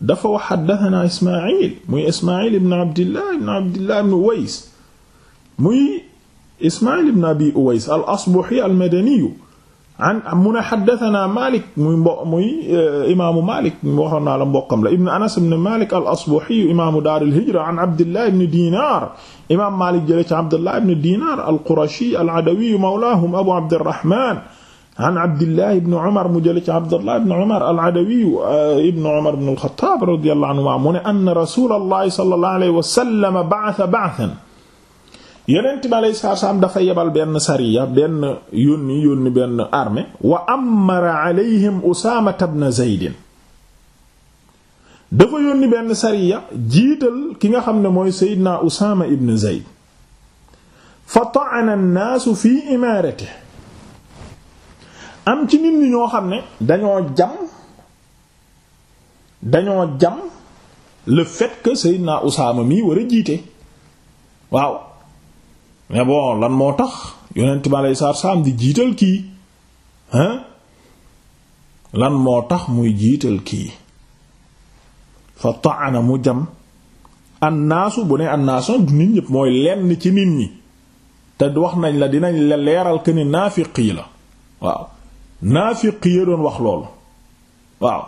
dafa wax xaddatanaa ismail muy ismail ibn abdillah ibn abdillah ibn uways muy ismail ibn abi uways al asboxi al madaniyu an mu ne xaddatanaa malik muy mbo muy eh, imaamu malik waxoon naa la mboqam la ibn anas ibn malik al asboxiyu imaamu daar al hijra an abdillah ibn dinar imaam malik jële ci abdullah ibn dinar al qurashi al adawiyu mawlaahum abu abdirrahman an Abdillah ibn Umar mu jëlee ci Abdallah ibn Umar al-Adawi euh, ibn Umar ibn al-Khattab radiyallahu anhuma mu ne anna Rasulullah sallallahu alayhi wa sallam ba'atha ba'than Yonent bi alayhi salaam dafa yebal benn sariya benn yónni yónni benn armée wa amara alayhim Usaama ibn Zayd dafa yónni benn sariya jiital ki nga xam ne mooy Seydina Usaama ibn Zayd fa ta'ana an-naasu fi imaaratihi am ci nit ñi ñoo xam ne dañoo jam dañoo jam le fait que Seydina Usaama mii war a jiite waaw mais bon lan moo tax yonent bi aleyhi salaatu salaam di jiital kii hein lan moo tax muy jiital kii fa ta'ana mu jam annaasu bu ne annaasu du nit ñëpp mooy lenn ci nit ñi te wax nañ la dinañ la leeral que ni yi la waaw naafiq ya doon wax loolu waaw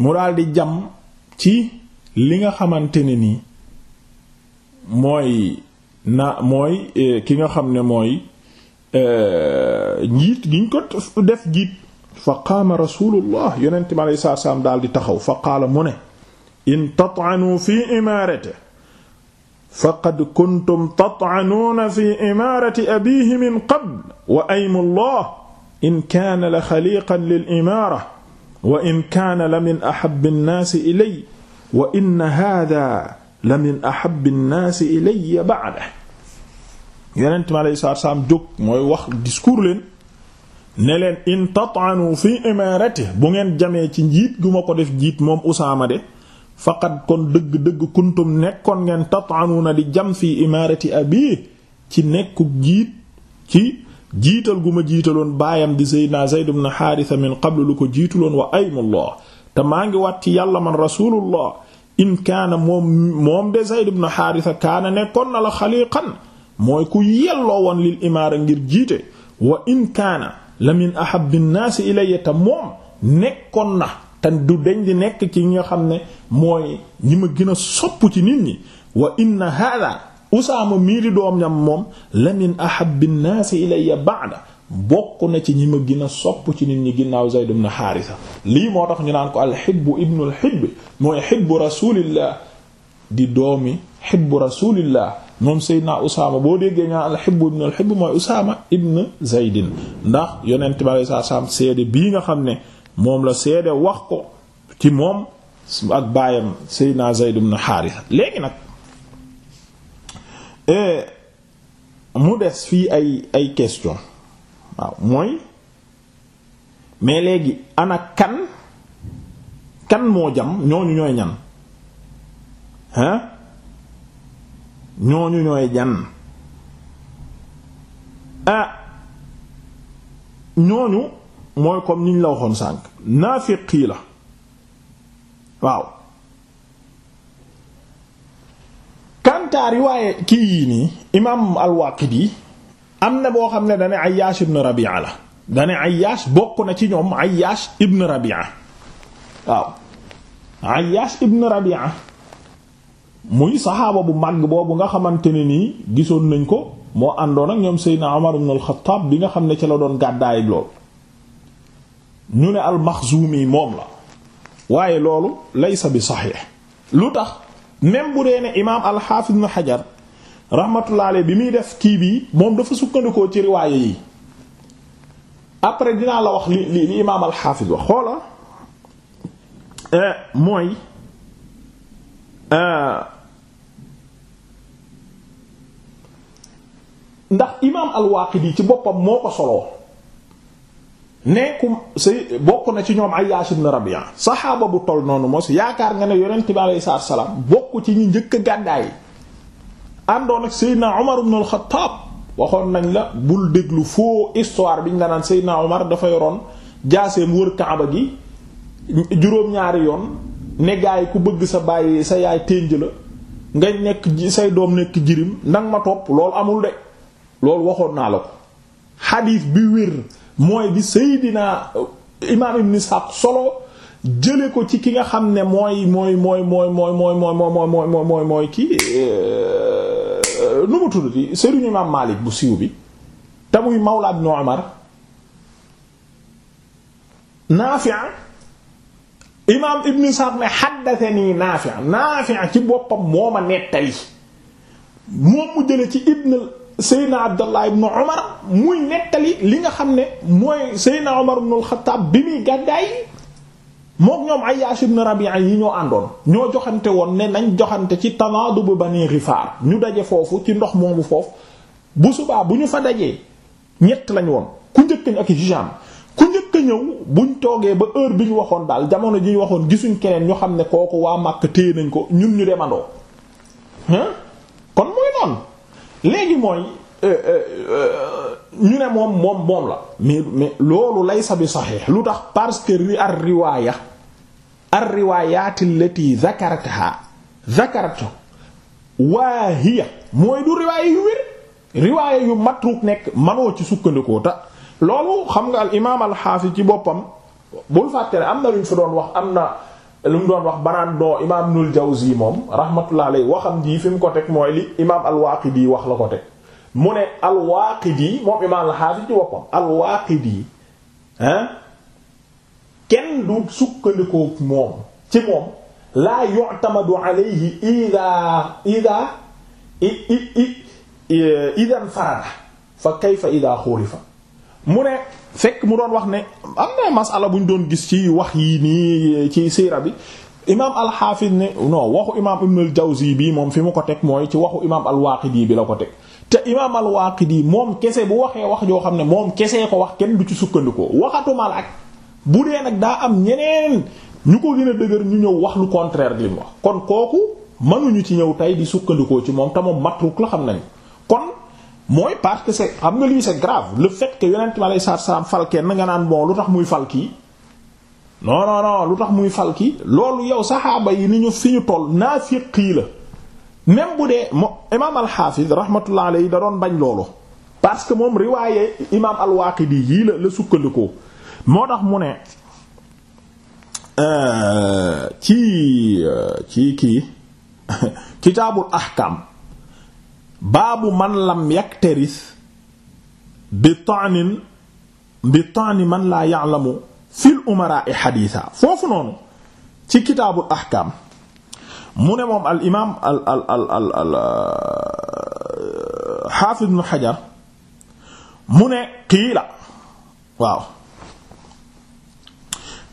mu daldi jam ci li nga xamante ne nii mooy na mooy e, ki nga xam ne mooy e, njiit giñ ko def jiit fa qaama rasulullah yonente mi aleyi saatu salaam daal di taxaw fa qaala mu ne in tat'anu fi imarati faqad kuntum tat'anuna fi imarati abihi min qabl wa aymu llah in kaan la xaliqan lil imaara wa in la min ahabbi nnaasi ilay wa inna la min ahabbi nnaasi ilaya baada yonent mi aleyhi salaatu salaam jóg mooy wax discours leen ne leen in tatanu fi imaaratihi bu ngeen jamee ci njiit gu ma ko def jiit moom Usaama de faqad kon dëgg-dëgg kuntum nekkoon ngeen tataanu na di jam fi imaarati abi ci nekku jiit ci jiital gu ma jiitaloon baayam di Seydina Zayd ibn Haarisa min qablu lu ko jiituloon wa aymullah te maa ngi wat ci yàlla man rasulullah in kaana moom moom de Haarisa kaana nekkoon na la xaliqan mooy ku yelloo woon lil imaara ngir jiite wa in kaana la min ahabbi nnaasi ilayya te moom nekkoon na te du deñ di nekk ci nga xam ne mooy ñi ma gina a sopp ci nit ñi wa inna hada usaama mii di doom ñam moom la min ahabbi nnaasi ilayya ba'da bokk na ci ñi ma gën sopp ci nit ñi ginnaaw Zayd ibn Haarisa lii moo tax ñu naan ko alxibbu ibnu alxibb mooy xibbu rasulillah di doomi xibbu rasulillah Usaama boo déggee ñaan alxibbu ibnu alxibb mooy ndax yonent bi alayhi salaam seede bii nga xam ne moom la seede wax ko ci moom ak baayam Seydina Zayd ibn Haarisa léegi nag mu des fii ay ay question waaw mooy mais léegi ana kan kan moo jam ñooñu ñooy ñan hein ñooñu ñooy ñan ah ñooñu mooy comme niñ la waxoon sànk naafiqi la waaw kantaa riwaaye kii yii nii imaam al-Waaqidi am na boo xam ne dane Ayyaash ibn Rabi'a la dane Ayyaash bokk na ci ñoom Ayyaash ibn Rabi'a waaw Ayyaash ibn Rabi'a muy saxaaba bu màgg boobu nga xamante ne nii gisoon nañ ko moo àndoon ak ñoom Seydina Umar ibn al-Khattab bi nga xam ne ci la doon gàddaay lool ñu ne al moom la waaye loolu laysa bi saxiix même bu dee ne imaam alxaafis ibn xajar rahmatullah bi muy def kii bi moom dafa sukkandikoo ci riwaaye yi après dinaa la wax li li imaam alxaafis wax xoola eh, mooy eh, ndax imaam al-Waaqidi ci boppam moo ko soloo neekum say bokk na ci ñoom Ayyash ibn Rabi'a saxaaba bu toll noonu mos yaakaar nga ne yonent bi alayhi salaatu salaam bokk ci ñi njëkk a gàddaay àndoon ak Seydina Umar ibn al waxoon nañ la bul déglu foo histoire biñ la naan Seydina Umar dafa yoroon jaaseem wër Kaaba gi juróom yoon ne ku bëgg sa bàyyi sa yaay ténj la nga nekk say doom nekk jirim nang ma topp loolu amul de loolu waxoon naa la ko xadiis bi wér. mooy bi Seydina imaam Ibn Ishaq solo jële ko ci ki nga xam ne mooy mooy mooy mooy mooy mooy mooy mooy mooy mooy kii nu mu tudd di sëriñu imaam Maalik bu siiw bi te muy Mawla Ibn Umar Naafi' imaam Ibn Ishaq ne haddathani Naafi' Naafi' ci boppam moo ma nettali moom mu jële ci Ibn Seydina Abdallah ibn Omar muy nettali li nga xam ne mooy Seydina Omar ibn al-Khattab bi muy gàddaay mook ñoom Ayyash ibn Rabi'a yi ñoo àndoon ñoo joxante woon ne nañ joxante ci tanaadu bu Bani Ghifaar ñu daje foofu ci ndox moomu foofu bu subaa bu ñu fa dajee ñett lañ woon ku njëkk ak Hisham ku njëkk a ñëw buñ toogee ba heure bi ñu waxoon daal jamono ji waxoon gisuñ keneen ñu xam ne kooku waa Makka téye nañ ko ñun ñu demandoo. kon mooy noonu. léegi mooy euh, euh, euh, ñu ne moom moom moom la mi mais loolu laysa bi saxiix lu tax parce que ri ar riwaaya ar riwaayaati allati zakarataha zakaratu waa hiya mooy du riwaaya yu wér riwaaya yu matruk nekk manoo ci sukkandikoo ta loolu xam nga al imaam al xaafi ci boppam bul fàtte ne am na luñ fi doon wax am na lu mu doon wax banaan doo imaam Ibnul Jawzi moom rahmatullah alayhi waxam jii fi mu ko teg mooy li imaam al-Waaqidi wax la ko teg mu ne al-Waaqidi moom imaam al-Haafiz ci boppam al-Waaqidi hein kenn du sukkandikoo moom ci moom laa yu'tamadu alayhi idaa idaa idan farada fa kayfa idaa xulifa mu ne fekk mu doon wax ne am na masala bu ñu doon gis ci wax yi nii ci siira bi imaam alxaafis ne non waxu imaam ibn al-Jawzi bi moom fi mu ko teg mooy ci waxu imaam al-Waaqidi bi la ko teg te imaam al-Waaqidi moom kese bu waxee wax joo xam ne moom kesee ko wax kenn du ci sukkandikoo waxatumal ak bu dee nag daa am ñeneen ñu ko gën a dëgër ñu ñëw wax lu contraire li mu wax kon kooku mënuñu ci ñëw tey di sukkandikoo ci moom te moom matruk la xam nañu mooy parce que c'est xam nga lii c'est grave le fait que yonent bi alayhi salaatu salaam nga naan bon lu tax muy fal kii non non lu tax muy falki loolu yow saxaaba yi ni ñu fi ñu toll naafiqii la même bu dee mo imaam al-Hafiz rahmatullah alayhi da doon bañ loolu parce que moom riwaaye imaam al-Waaqidi yii la la sukkandikoo moo tax mu ne euh, ci euh, ci kii kitaabul ahkaam baabu man lam yaktaris bi ta'nin bi ta'ni man laa ya'lamu fil umaraa'i xadiisa foofu noonu ci kitaabul ahkaam mu ne moom al imaam al al al al xaafis euh, ibnu xajar mu ne qiila waaw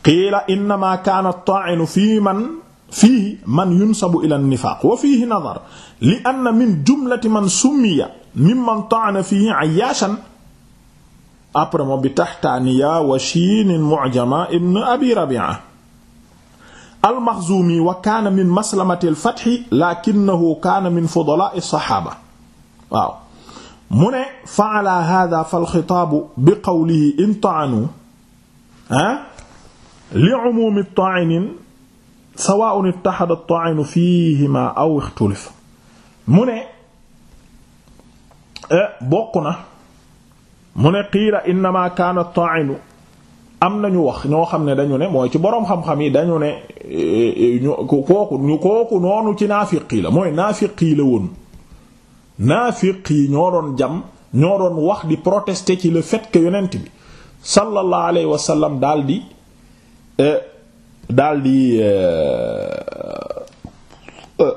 qiila innamaa kaana at-ta'inu fii man fiihi man yunsabu ila nifaaq wa fiihi nadar li anna min jumlati man summiya mimman ta'ana fiihi ayyaashan après moom bi tahtaaniya wa shiinin mu'jama ibn abi rabi'a al-Makhzumi wa kaana min maslamati al-fathi lakinnahu kaana min fudalaa'i as-sahaaba waaw mu ne fa'ala haadha fal-khitaabu bi qawlihi in ta'anu ha ah, li 'umuumi at-ta'inin sawaa'un ittahada at-ta'inu fiihima aw ixtulif mu ne e, bokk na mu ne qiila innama kaana at-ta'inu am nañu wax ñoo xam ne dañu ne mooy ci boroom xam-xam yi dañu ne e, e, ñu kooku ñu kooku noonu ci naafiqi la mooy naafiqi la woon naafiqi ñoo doon jam ñoo doon wax di protester ci le fet que yonent bi sallallahu alayhi wa sallam daal di daal di euh, euh,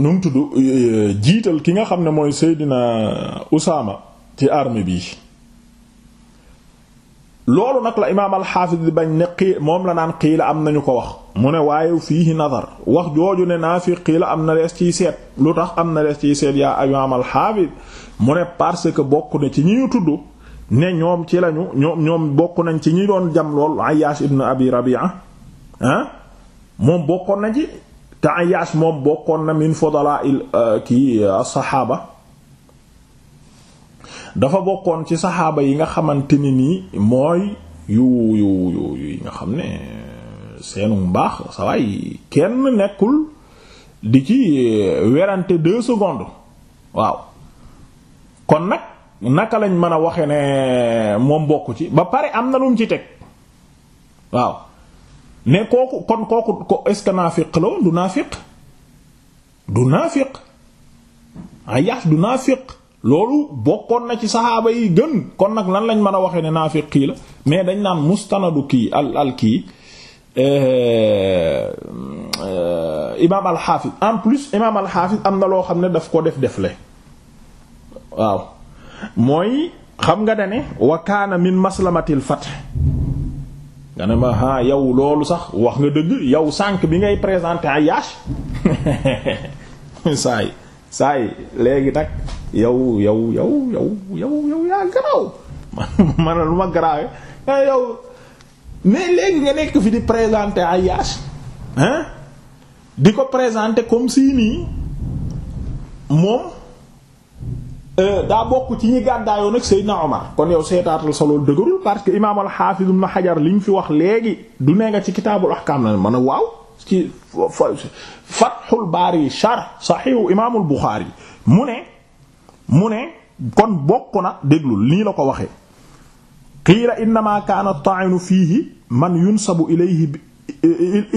nu mu tudd euh, jiital ki nga xam ne mooy Seydina usama ci arme bi loolu nag la imaam alxaafis di bañ ne moom la naan xii am nañu ko wax mu ne waaye fiihi nazar wax jooju ne naa fi xii la am na lees ciy seet lu tax am na lees ciy seet yaa imaam alxaafis mu ne parce que bokk na ci ñi tudd ne ñoom ci lañu ñoom ñoom bokk nañ ci ñi doon jam lool Ayyash ibn Abi Rabi'a ah, moom bokkoon na ci te Ayyash moom bokkoon na min fudala il euh, kii euh, saxaaba dafa bokkoon ci saxaaba yi nga xamante ni nii mooy yu yu yu yi nga xam ne seenu mbaax sa waay kenn nekkul di ci euh, werante deux secondes waaw kon nag. naka lañ mën a waxe ne moom bokk ci ba pare am na lum ci teg waaw ne kooku kon kooku ko est-ce que naafiq la du naafiq du naafiq Ayyash du naafiq loolu bokkoon na ci saxaaba yi gën kon nag lan lañ mën a waxe ne naafiq kii la mais dañ naan mustanadu kii al al kii euh, euh, imaam al xaafis en plus imaam al xaafis am na loo xam ne daf ko def defle waaw mooy xam nga dane wa kaana min maslamatil fat nga ne ma a yow loolu sax wax nga dëgg yow sànq bi ngay présenté Ayyash saay saay léegi nag yow yow yow yow yow yow yaa garaaw man lu ma garaawe eh, yow mais léegi nga nekk fi di présenté Ayyash hein di ko présenté comme si nii moom Euh, daa bokk ci ñi gàddaayoon ak Seydina Omar kon yow seetaatal sa loolu dëgërul parce que imaam al-Hafiz Ibn Hajar li mu fi wax léegi du ne nga ci kitaabul ahkaam la man a waaw ci Fathul Baari sharh Sahih imaamul Bukhari mu ne mu ne kon bokk na déglu lii la ko waxee qiila innamaa kaana at-ta'inu fiihi man yunsabu ilayhi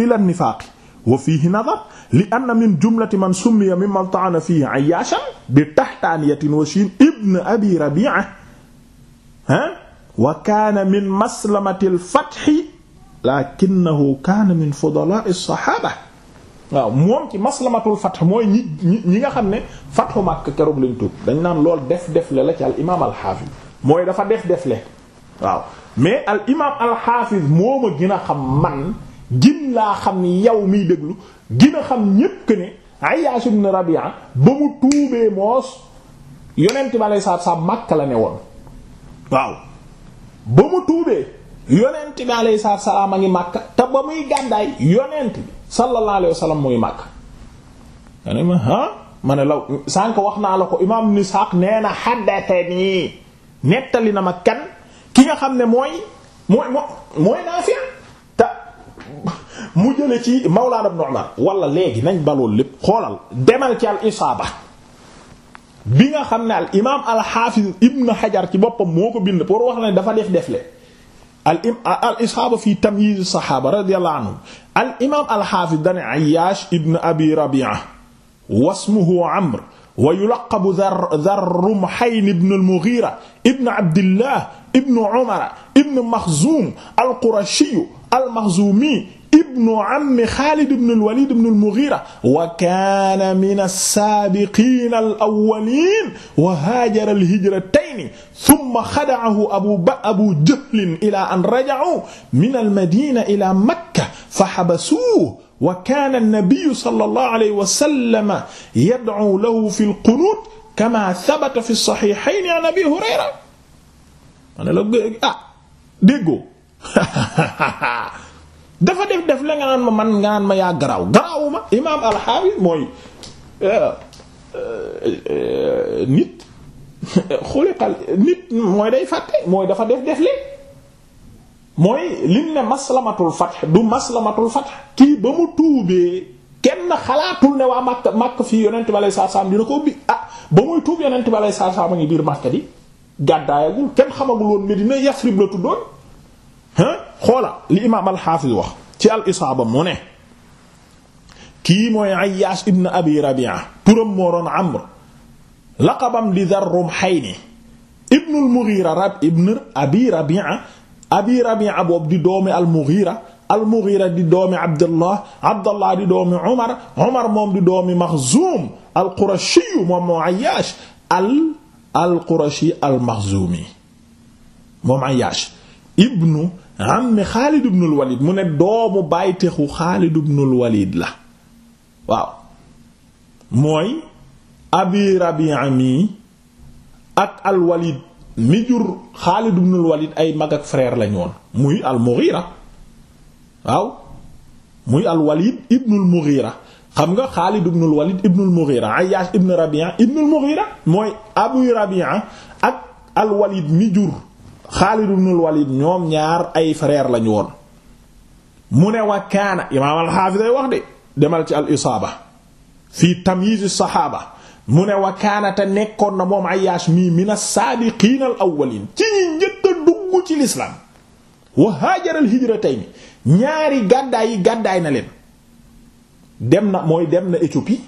ila an-nifaaq wa fiihi nadar li anna min jumlati man summiya mimman ta'ana fiihi ayyaashan bi tahtaaniyatin wa shiin kaana min maslamati al-fathi lakinnahu kaana min fudalaa'i as-sahaaba waaw moom ci maslamatul fath mooy ñi nga xam ne fathu Makka keroog lañ dañ naan lool def defle la ci al imaam al xaafiz mooy dafa def defle moo ma xam man gin laa xam ni yow miy déglu gin a xam ñépp que ne Ayyash ibn Rabi'a ba mu tuubee moos yonent bi aleyhi salaatu salaam Makka la ne woon waaw ba mu tuubee yonent bi aleyhi salaatu salaam a ngi Makka te ba muy gàddaay yonent bi sallallahu alayhi wasallam muy Makka ma ne ma ah ma wax naa la ko imaam Ibn Ishaq nee na haddathanii nettali na ma kan ki nga xam ne mooy mooy mooy Naafi' mu jële ci Mawlaana Ibn Umar wala léegi nañ balool lépp xoolal demal ci al isaaba bi nga xam ne al imaam al xaafiz Ibn Hajar ci boppam moo ko bind pour wax ne dafa def defle al im al isaaba fi tamyiz saxaaba radiyallahu anhum al imaam al xaafiz dane Ayyaash Ibn Abi Rabi'a wasmuhu Amr wa yulaqabu Dhar Rumhayn Ibn al-Mughira Ibn Abdillah Ibn Umar Ibn Makhzum al-Qurashi al-Makhzumi ibnu ammi Xaalid ibn al-Walid ibn al-Mughira wa kaana min as-saabiqiina al-awwaliin wa haajara al-hijratayni thumma xada'ahu abu ba abu jahlin ilaa an raja'uu min al-madiina ilaa makka fahabasuuhu wa kaana an-nabiyyu sallallahu alayhi wa sallam yad'uu lahu fi al-qunuut kamaa thabata fi as-sahiihayni an Abii Hurayra dafa def def la nga naan ma man nga naan ma yaa garaaw garaawu ma imaam alxaafis mooy euh, euh, euh, nit xuliqal nit mooy day fàtte mooy dafa def def le mooy lim ne maslamatul fath du maslamatul fath tii ba mu tuubee kenn xalaatul ne waa màkk màkk fii yonent bi alay saa saam dina ko ubbi ah ba muy tuub yonent bi alay saa saam a ngi biir màkk di gàddaayagul kenn xamagul woon Medina Yasrib la tuddoon xoola li imaam alxaafiz wax ci al isaaba mu ne kii mooy Ayyaash ibn Abi Rabi'a turam moo doon Amr laqabam di Dharr Rumhayni ibn al-Mughira rab ibn Abi Rabi'a Abi Rabi'a boobu di doomi al-Mughira al-Mughira di doomi Abdullah Abdullah di doomi Umar Umar moom di doomi Maxzuum al-Qurashi moom moo Ayyaash al al-Qurashi al-Maxzuumi moom Ayyaash ibnu ammi Xaalid ibnul Walid mu ne doomu bàytexu Xaalid ibnul Walid la waaw mooy abi Rabi'a mi ak al Walid mi jur Xaalid ibnul Walid ay mag ak frère lañu muy al Mughira waaw muy al ibnul Mughira xam nga Xaalid ibnul Walid ibnul Mughira Ayyash ibn Rabi'a ibnul Mughira mooy abu Rabi'a ak al mi jur Xaalid ibnul Walid ñoom ñaar ay frère lañu woon mu ne wa kaana imaam alxaafis ay wax de demal ci al isaaba fii tamyiizi saxaaba mu ne wa kaana te nekkoon na moom Ayyaash mii mina saabiqiina al awwaliin ci ñi njëkk a dugg ci lislaam wa haajaral hijratayni ñaari gàddaay yi gàddaay na leen dem na mooy dem na Éthiopie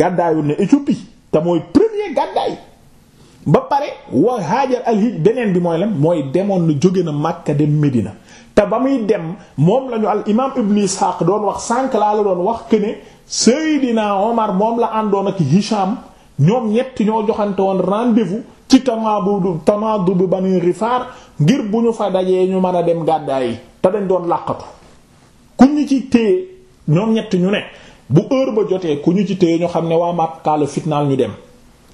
gàddaayoon na Éthiopie te mooy premier gàddaay ba pare wa haajar alhij beneen bi mooy lan mooy demoon la jóge na Makka dem Medina te ba muy dem moom lañu al imaam Ibn Ishaq doon wax sànq laa la doon wax que ne Seydina Omar moom la àndoon ak Hisham ñoom ñett ñoo joxante woon rendez-vous ci tamaadu du ba Bani Rifaar ngir bu ñu fa dajee ñu mën a dem gàddaay yi te dañ doon làqatu ku ñu ci téye ñoom ñett ñu ne bu heure ba jotee ku ñu ci téye ñu xam ne waa Makka la fitnaal ñu dem.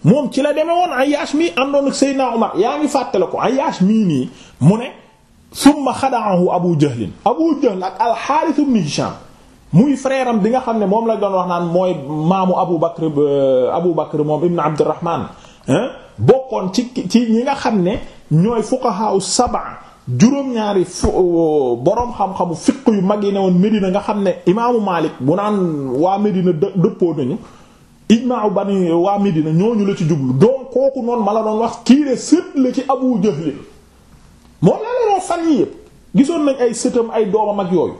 moom ci la demee woon Ayyash mii àndoon ak Seydina Omar yaa ngi fàttale ko Ayyash mii nii mu ne summa xadaahu Abu Jahlin Abu Jahl ak al-Harith ibn Hisham muy frère bi nga xam ne moom la doon wax naan mooy maamu Abu Bakr euh, Abu Bakr moom ibn Abdurrahman bokkoon ci ci ñi nga xam ne ñooy fuqahaa sab'a juróom-ñaari euh, borom xam-xamu fiq yu mag yi ne woon Medina nga xam ne imaamu Malik bu naan waa Medina dëppoo nañu ijmaaw bani waa Medina ñooñu la ci jublu donc kooku noon ma la doon wax kii de sët la ci Abu Jahl moom laa la doon fan yii yëpp gisoon nañ ay sëtam ay doomam ak yooyu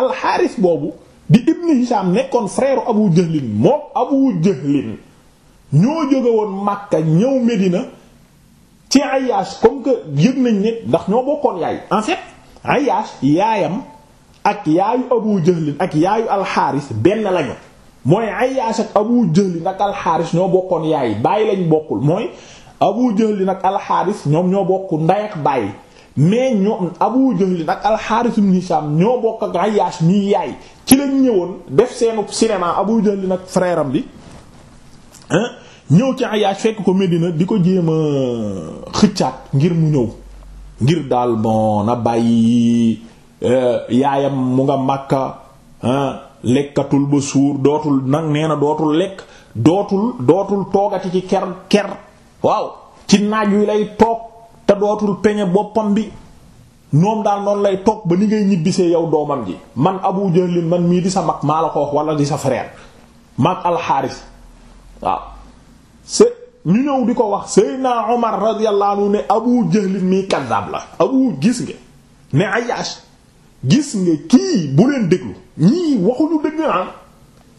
alxaaris boobu di ibn Hisham nekkoon frère Abu Jahlin moom Abu Jahlin ñoo jóge woon Makka ñëw Medina ci Ayyash comme que yëg nañ ne ndax ñoo bokkoon yaay en fait Ayyash yaayam ak yaayu Abu Jahlin ak yaayu alxaaris benn lañu mooy Ayyash ak Abu Jahl nag alxaaris ñoo bokkoon yaay bàyyi lañ bokkul mooy Abu Jahl nag alxaaris ñoom ñoo bokk ndey ak bàyyi mais ñoom Abu Jahl nag alxaaris ibn Hisham ñoo bokk ak Ayyash ñuy yaay ci lañ ñëwoon def seenu cinéma Abu Jahl nag frère am bi ñëw ci Ayyash fekk ko Medina di ko jéem a xëccaat ngir mu ñëw ngir daal bon na bàyyi euh, yaayam mu nga Makka lekkatul ba suur dootul nag nee na dootul lekk dootul dootul toogati ci ker ker waaw ci naaj wi lay toog te dootul peñe boppam bi noom daal noonu lay toog ba ni ngay ñibbisee yow doomam ji man Abu Jahlin man mii di sa mag maa la ko wala di sa frère mag alxaaris waaw se ñu ñëw di ko wax Seydina Omar radiyallahu anhu ne Abu Jahlin mii kaddaab la Abu gis nga ne Ayyash gis nga kii bu leen déglu ñii waxuñu dëgg ah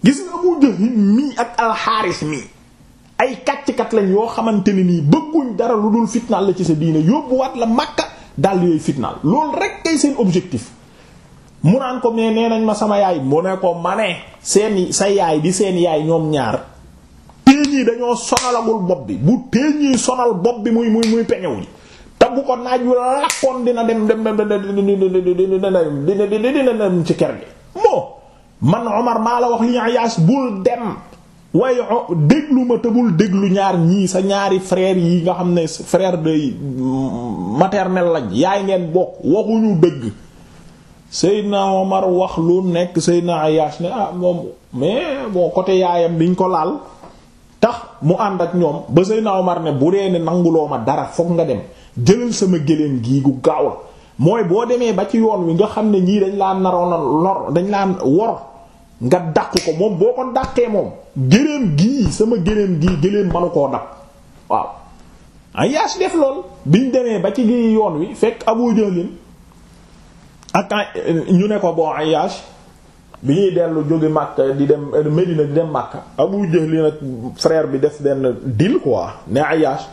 gis nga Abu Jahl mii ak alxaaris mii ay kàcc-kat lañ yoo xamante ne nii bëgguñ dara lu dul fitnaal la ci sa diine yóbbuwaat la Makka daal yooyu fitnaal loolu rek kay seen objectif. mu naan ko mais nee nañ ma sama yaay mu ne ko ma ne seen sa yaay di seen yaay ñoom ñaar téeñ yi dañoo sonalagul bopp bi bu téeñ yi sonal bopp bi muy muy muy peñew yi te bu ko naaj wi lakkoon dina dem dem dina dina dina dina dem ci kër gi. moo man Omar maa la wax li Ayaas bul dem waaye déglu ma te déglu ñaar ñii sa ñaari frère yi nga xam ne frère de maternel lañ yaay ngeen bokk waxuñu dëgg na Omar wax lu nekk Seydina Ayaas ne ah moom mais bon côté yaayam diñ ko laal tax mu ànd ak ñoom ba Seydina Omar ne bu dee ne nanguloo ma dara fokk nga dem jëlal sama géléem gii gu gaaw la mooy boo demee ba ci yoon wi nga xam ne ñii dañ laa naroon a lor dañ laa wor nga dàq ko moom boo ko dàqee moom géréem gii sama géréem gii géléem manu koo dab waaw Ayyaas ah, def lool biñ demee ba ci gi yoon wi fekk Abu Jahlin ak ah, ñu ne ko bon Ayyaas bi ñuy dellu jóge Makka di dem Medina di dem Makka Abu Jahlin ak frère bi def benn deal quoi ne Ayyaas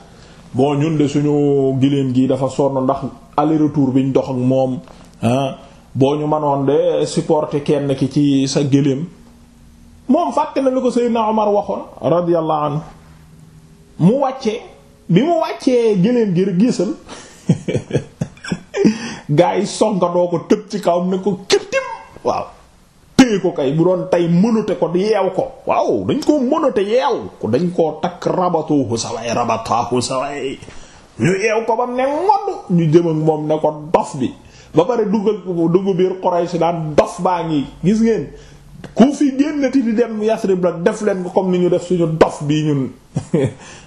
bon ñun de suñu giléem gi dafa sonn ndax aller biñ bi dox ak moom boo ñu manoon de supporter kenn ki ci sa giléem moom fàtte na lu ko Seydina Omar waxoon radiyallahu anhu mu wàcce bi mu wàccee giléem gi gisal gaa yi songandoo ko tëb ci kawam ne ko kirtim waaw téye ko kay bu doon tey mënate ko yeew ko waaw dañ koo mënate yeew ko dañ koo takk rabatuhu saway rabatahu saway ñu yeew ko bam ne ngodd ñu jëm moom ne ko dof bi ba pare duggal dugg biir Quraysh daan dof baa ngi gis ngeen ku fi génnati di dem Yasrib la def leen ko comme ni ñu def suñu dof bii ñun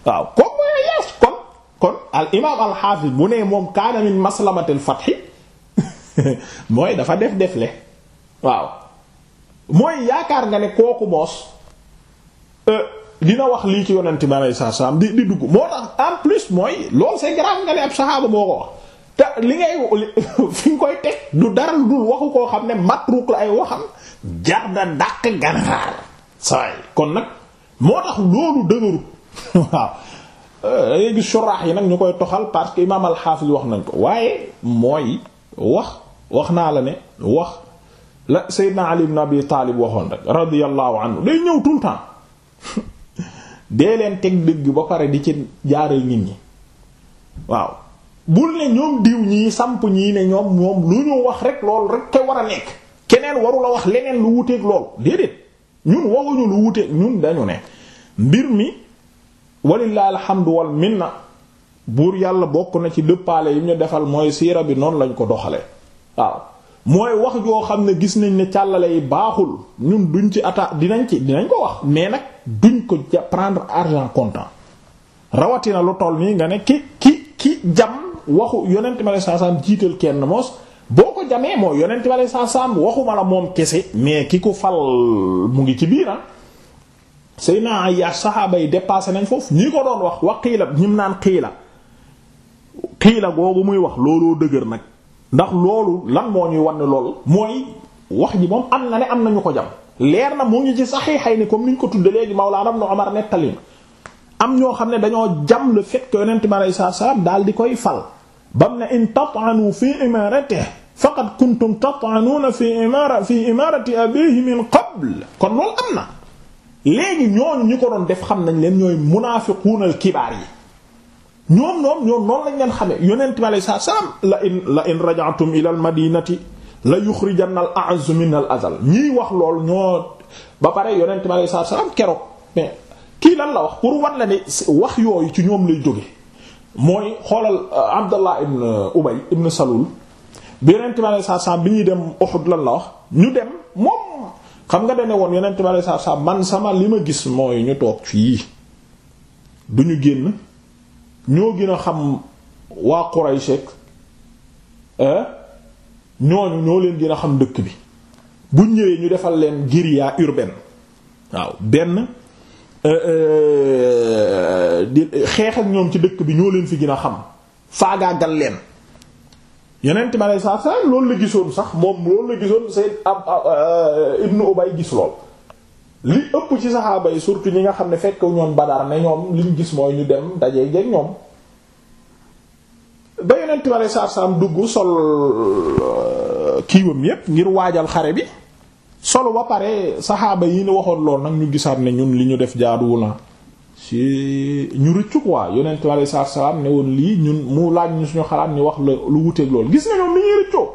waaw comme mooy yees kon kon al imaam al bu ne moom kaana min maslamatil fathi mooy dafa def defle waaw mooy yaakaar nga ne kooku moos euh, dina wax lii ci yonent bi alayhi salaam di di dugg moo tax en plus mooy loolu c'est grave nga ne ab saxaaba moo ko wax te li ngay fi nga koy teg du dara dul waxu koo xam ne matruuk la ay waxam jar da dàq ganaar saay kon nag moo tax loolu dëgëru waaw euh, dangay gis suraax yi nag ñu koy toxal parce que imaam al-Hafiz wax nañ ko waaye mooy wax wax naa la ne wax la Seydina Ali ibn Abi Taalib waxoon rek radiyallahu anhu day ñëw tout le dee leen teg dëgg ba pare di ci jaaral nit ñi waaw bul ne ñoom diw ñii samp ñii ne ñoom ñoom lu ñu wax rek lool rek te war a nekk keneen waru wax leneen lu wuteeg loolu déedéet ñun waxuñu lu wuteeg ñun dañu ne mbir mi walillahi alhamdu wal minna buur yàlla bokk na ci dëppaale yi ñu defal mooy siira bi noonu lañ ko doxalee waaw mooy wax joo xam ne gis nañ ne càllale yi baaxul ñun duñ ci atta dinañ ci dinañ ko wax mais nag duñ ko prendre argent comptant rawatina lu toll nii nga ne ki ki ki jam waxu yonent ma lay saasaam jiital kenn moos boo ko jamee mooy yonent ma lay saasaam waxuma la moom kese mais ki ko fal mu ngi ci biira ah. sëy naa ay yaar saxaaba yi dépassé nañ foofu ñi ko doon wax wax xiila ñim naan xiila xiila googu muy wax looloo dëgër nag ndax loolu lan moo ñuy wan ne loolu mooy wax ji moom am na ne am na ñu ko jam leer na mu ngi ci saxiixay ni comme ni ñu ko tudde léegi Mawlaana Ibnu Umar nettali am ñoo xam ne dañoo jam le fait que yonent bi daal di koy fal bam ne in tat'anu fi imaratihi faqad kuntum tat'anuna fi imara kon loolu am na léegi ñooñu ñu ko def xam nañ leen ñooy munaafiquunal kibaar yi ñoom ñoom ñoom noonu lañ leen xamee yonent bi alayhi salaam la in la in raja'tum ila al madinati la yuxrijanna al a'z min al azal ñiy wax lool ñoo ba pare yonent bi alayhi salaam keroog mais kii lan la wax pour wan la ne wax yooyu ci ñoom lay jóge mooy xoolal euh, Abdallah ibn euh, Ubay ibn Salul bi yonent bi alayhi salaam bi ñuy dem Uhud lan la wax ñu dem moom xam nga dane woon yonent bi alayhi salaam man sama li ma gis mooy ñu toog fii duñu génn. ñoo gën a xam waa Quraysh ñooñu ñoo leen gën a xam dëkk bi bu ñëwee ñu defal leen guérilla urbaine waaw benn euh, euh, di xeex ak ñoom ci dëkk bi ñoo leen fi gën a xam faagaagal leen yeneen ma lay saa saa loolu la gisoon sax moom loolu la gisoon Sayyid euh, Ibnu Ubay gis lool li ëpp ci saxaaba yi surtout ñi nga xam ne fekk ñoom Badar ne ñoom liñ gis mooy ñu dem dajee jeeg ñoom ba yonent bi aleyhi salaatu dugg sol euh, kiiwam yépp ngir waajal xare bi solo ba pare saxaaba yi ni waxoon lool nag ñu gisaat ne ñun li ñu def jaaduwu na si ñu rëccu quoi yonent bi aleyhi salaam ne woon lii ñun mu laaj ñu suñu xalaat ñu wax la lu wuteeg loolu gis na ñoom ni ñuy rëccoo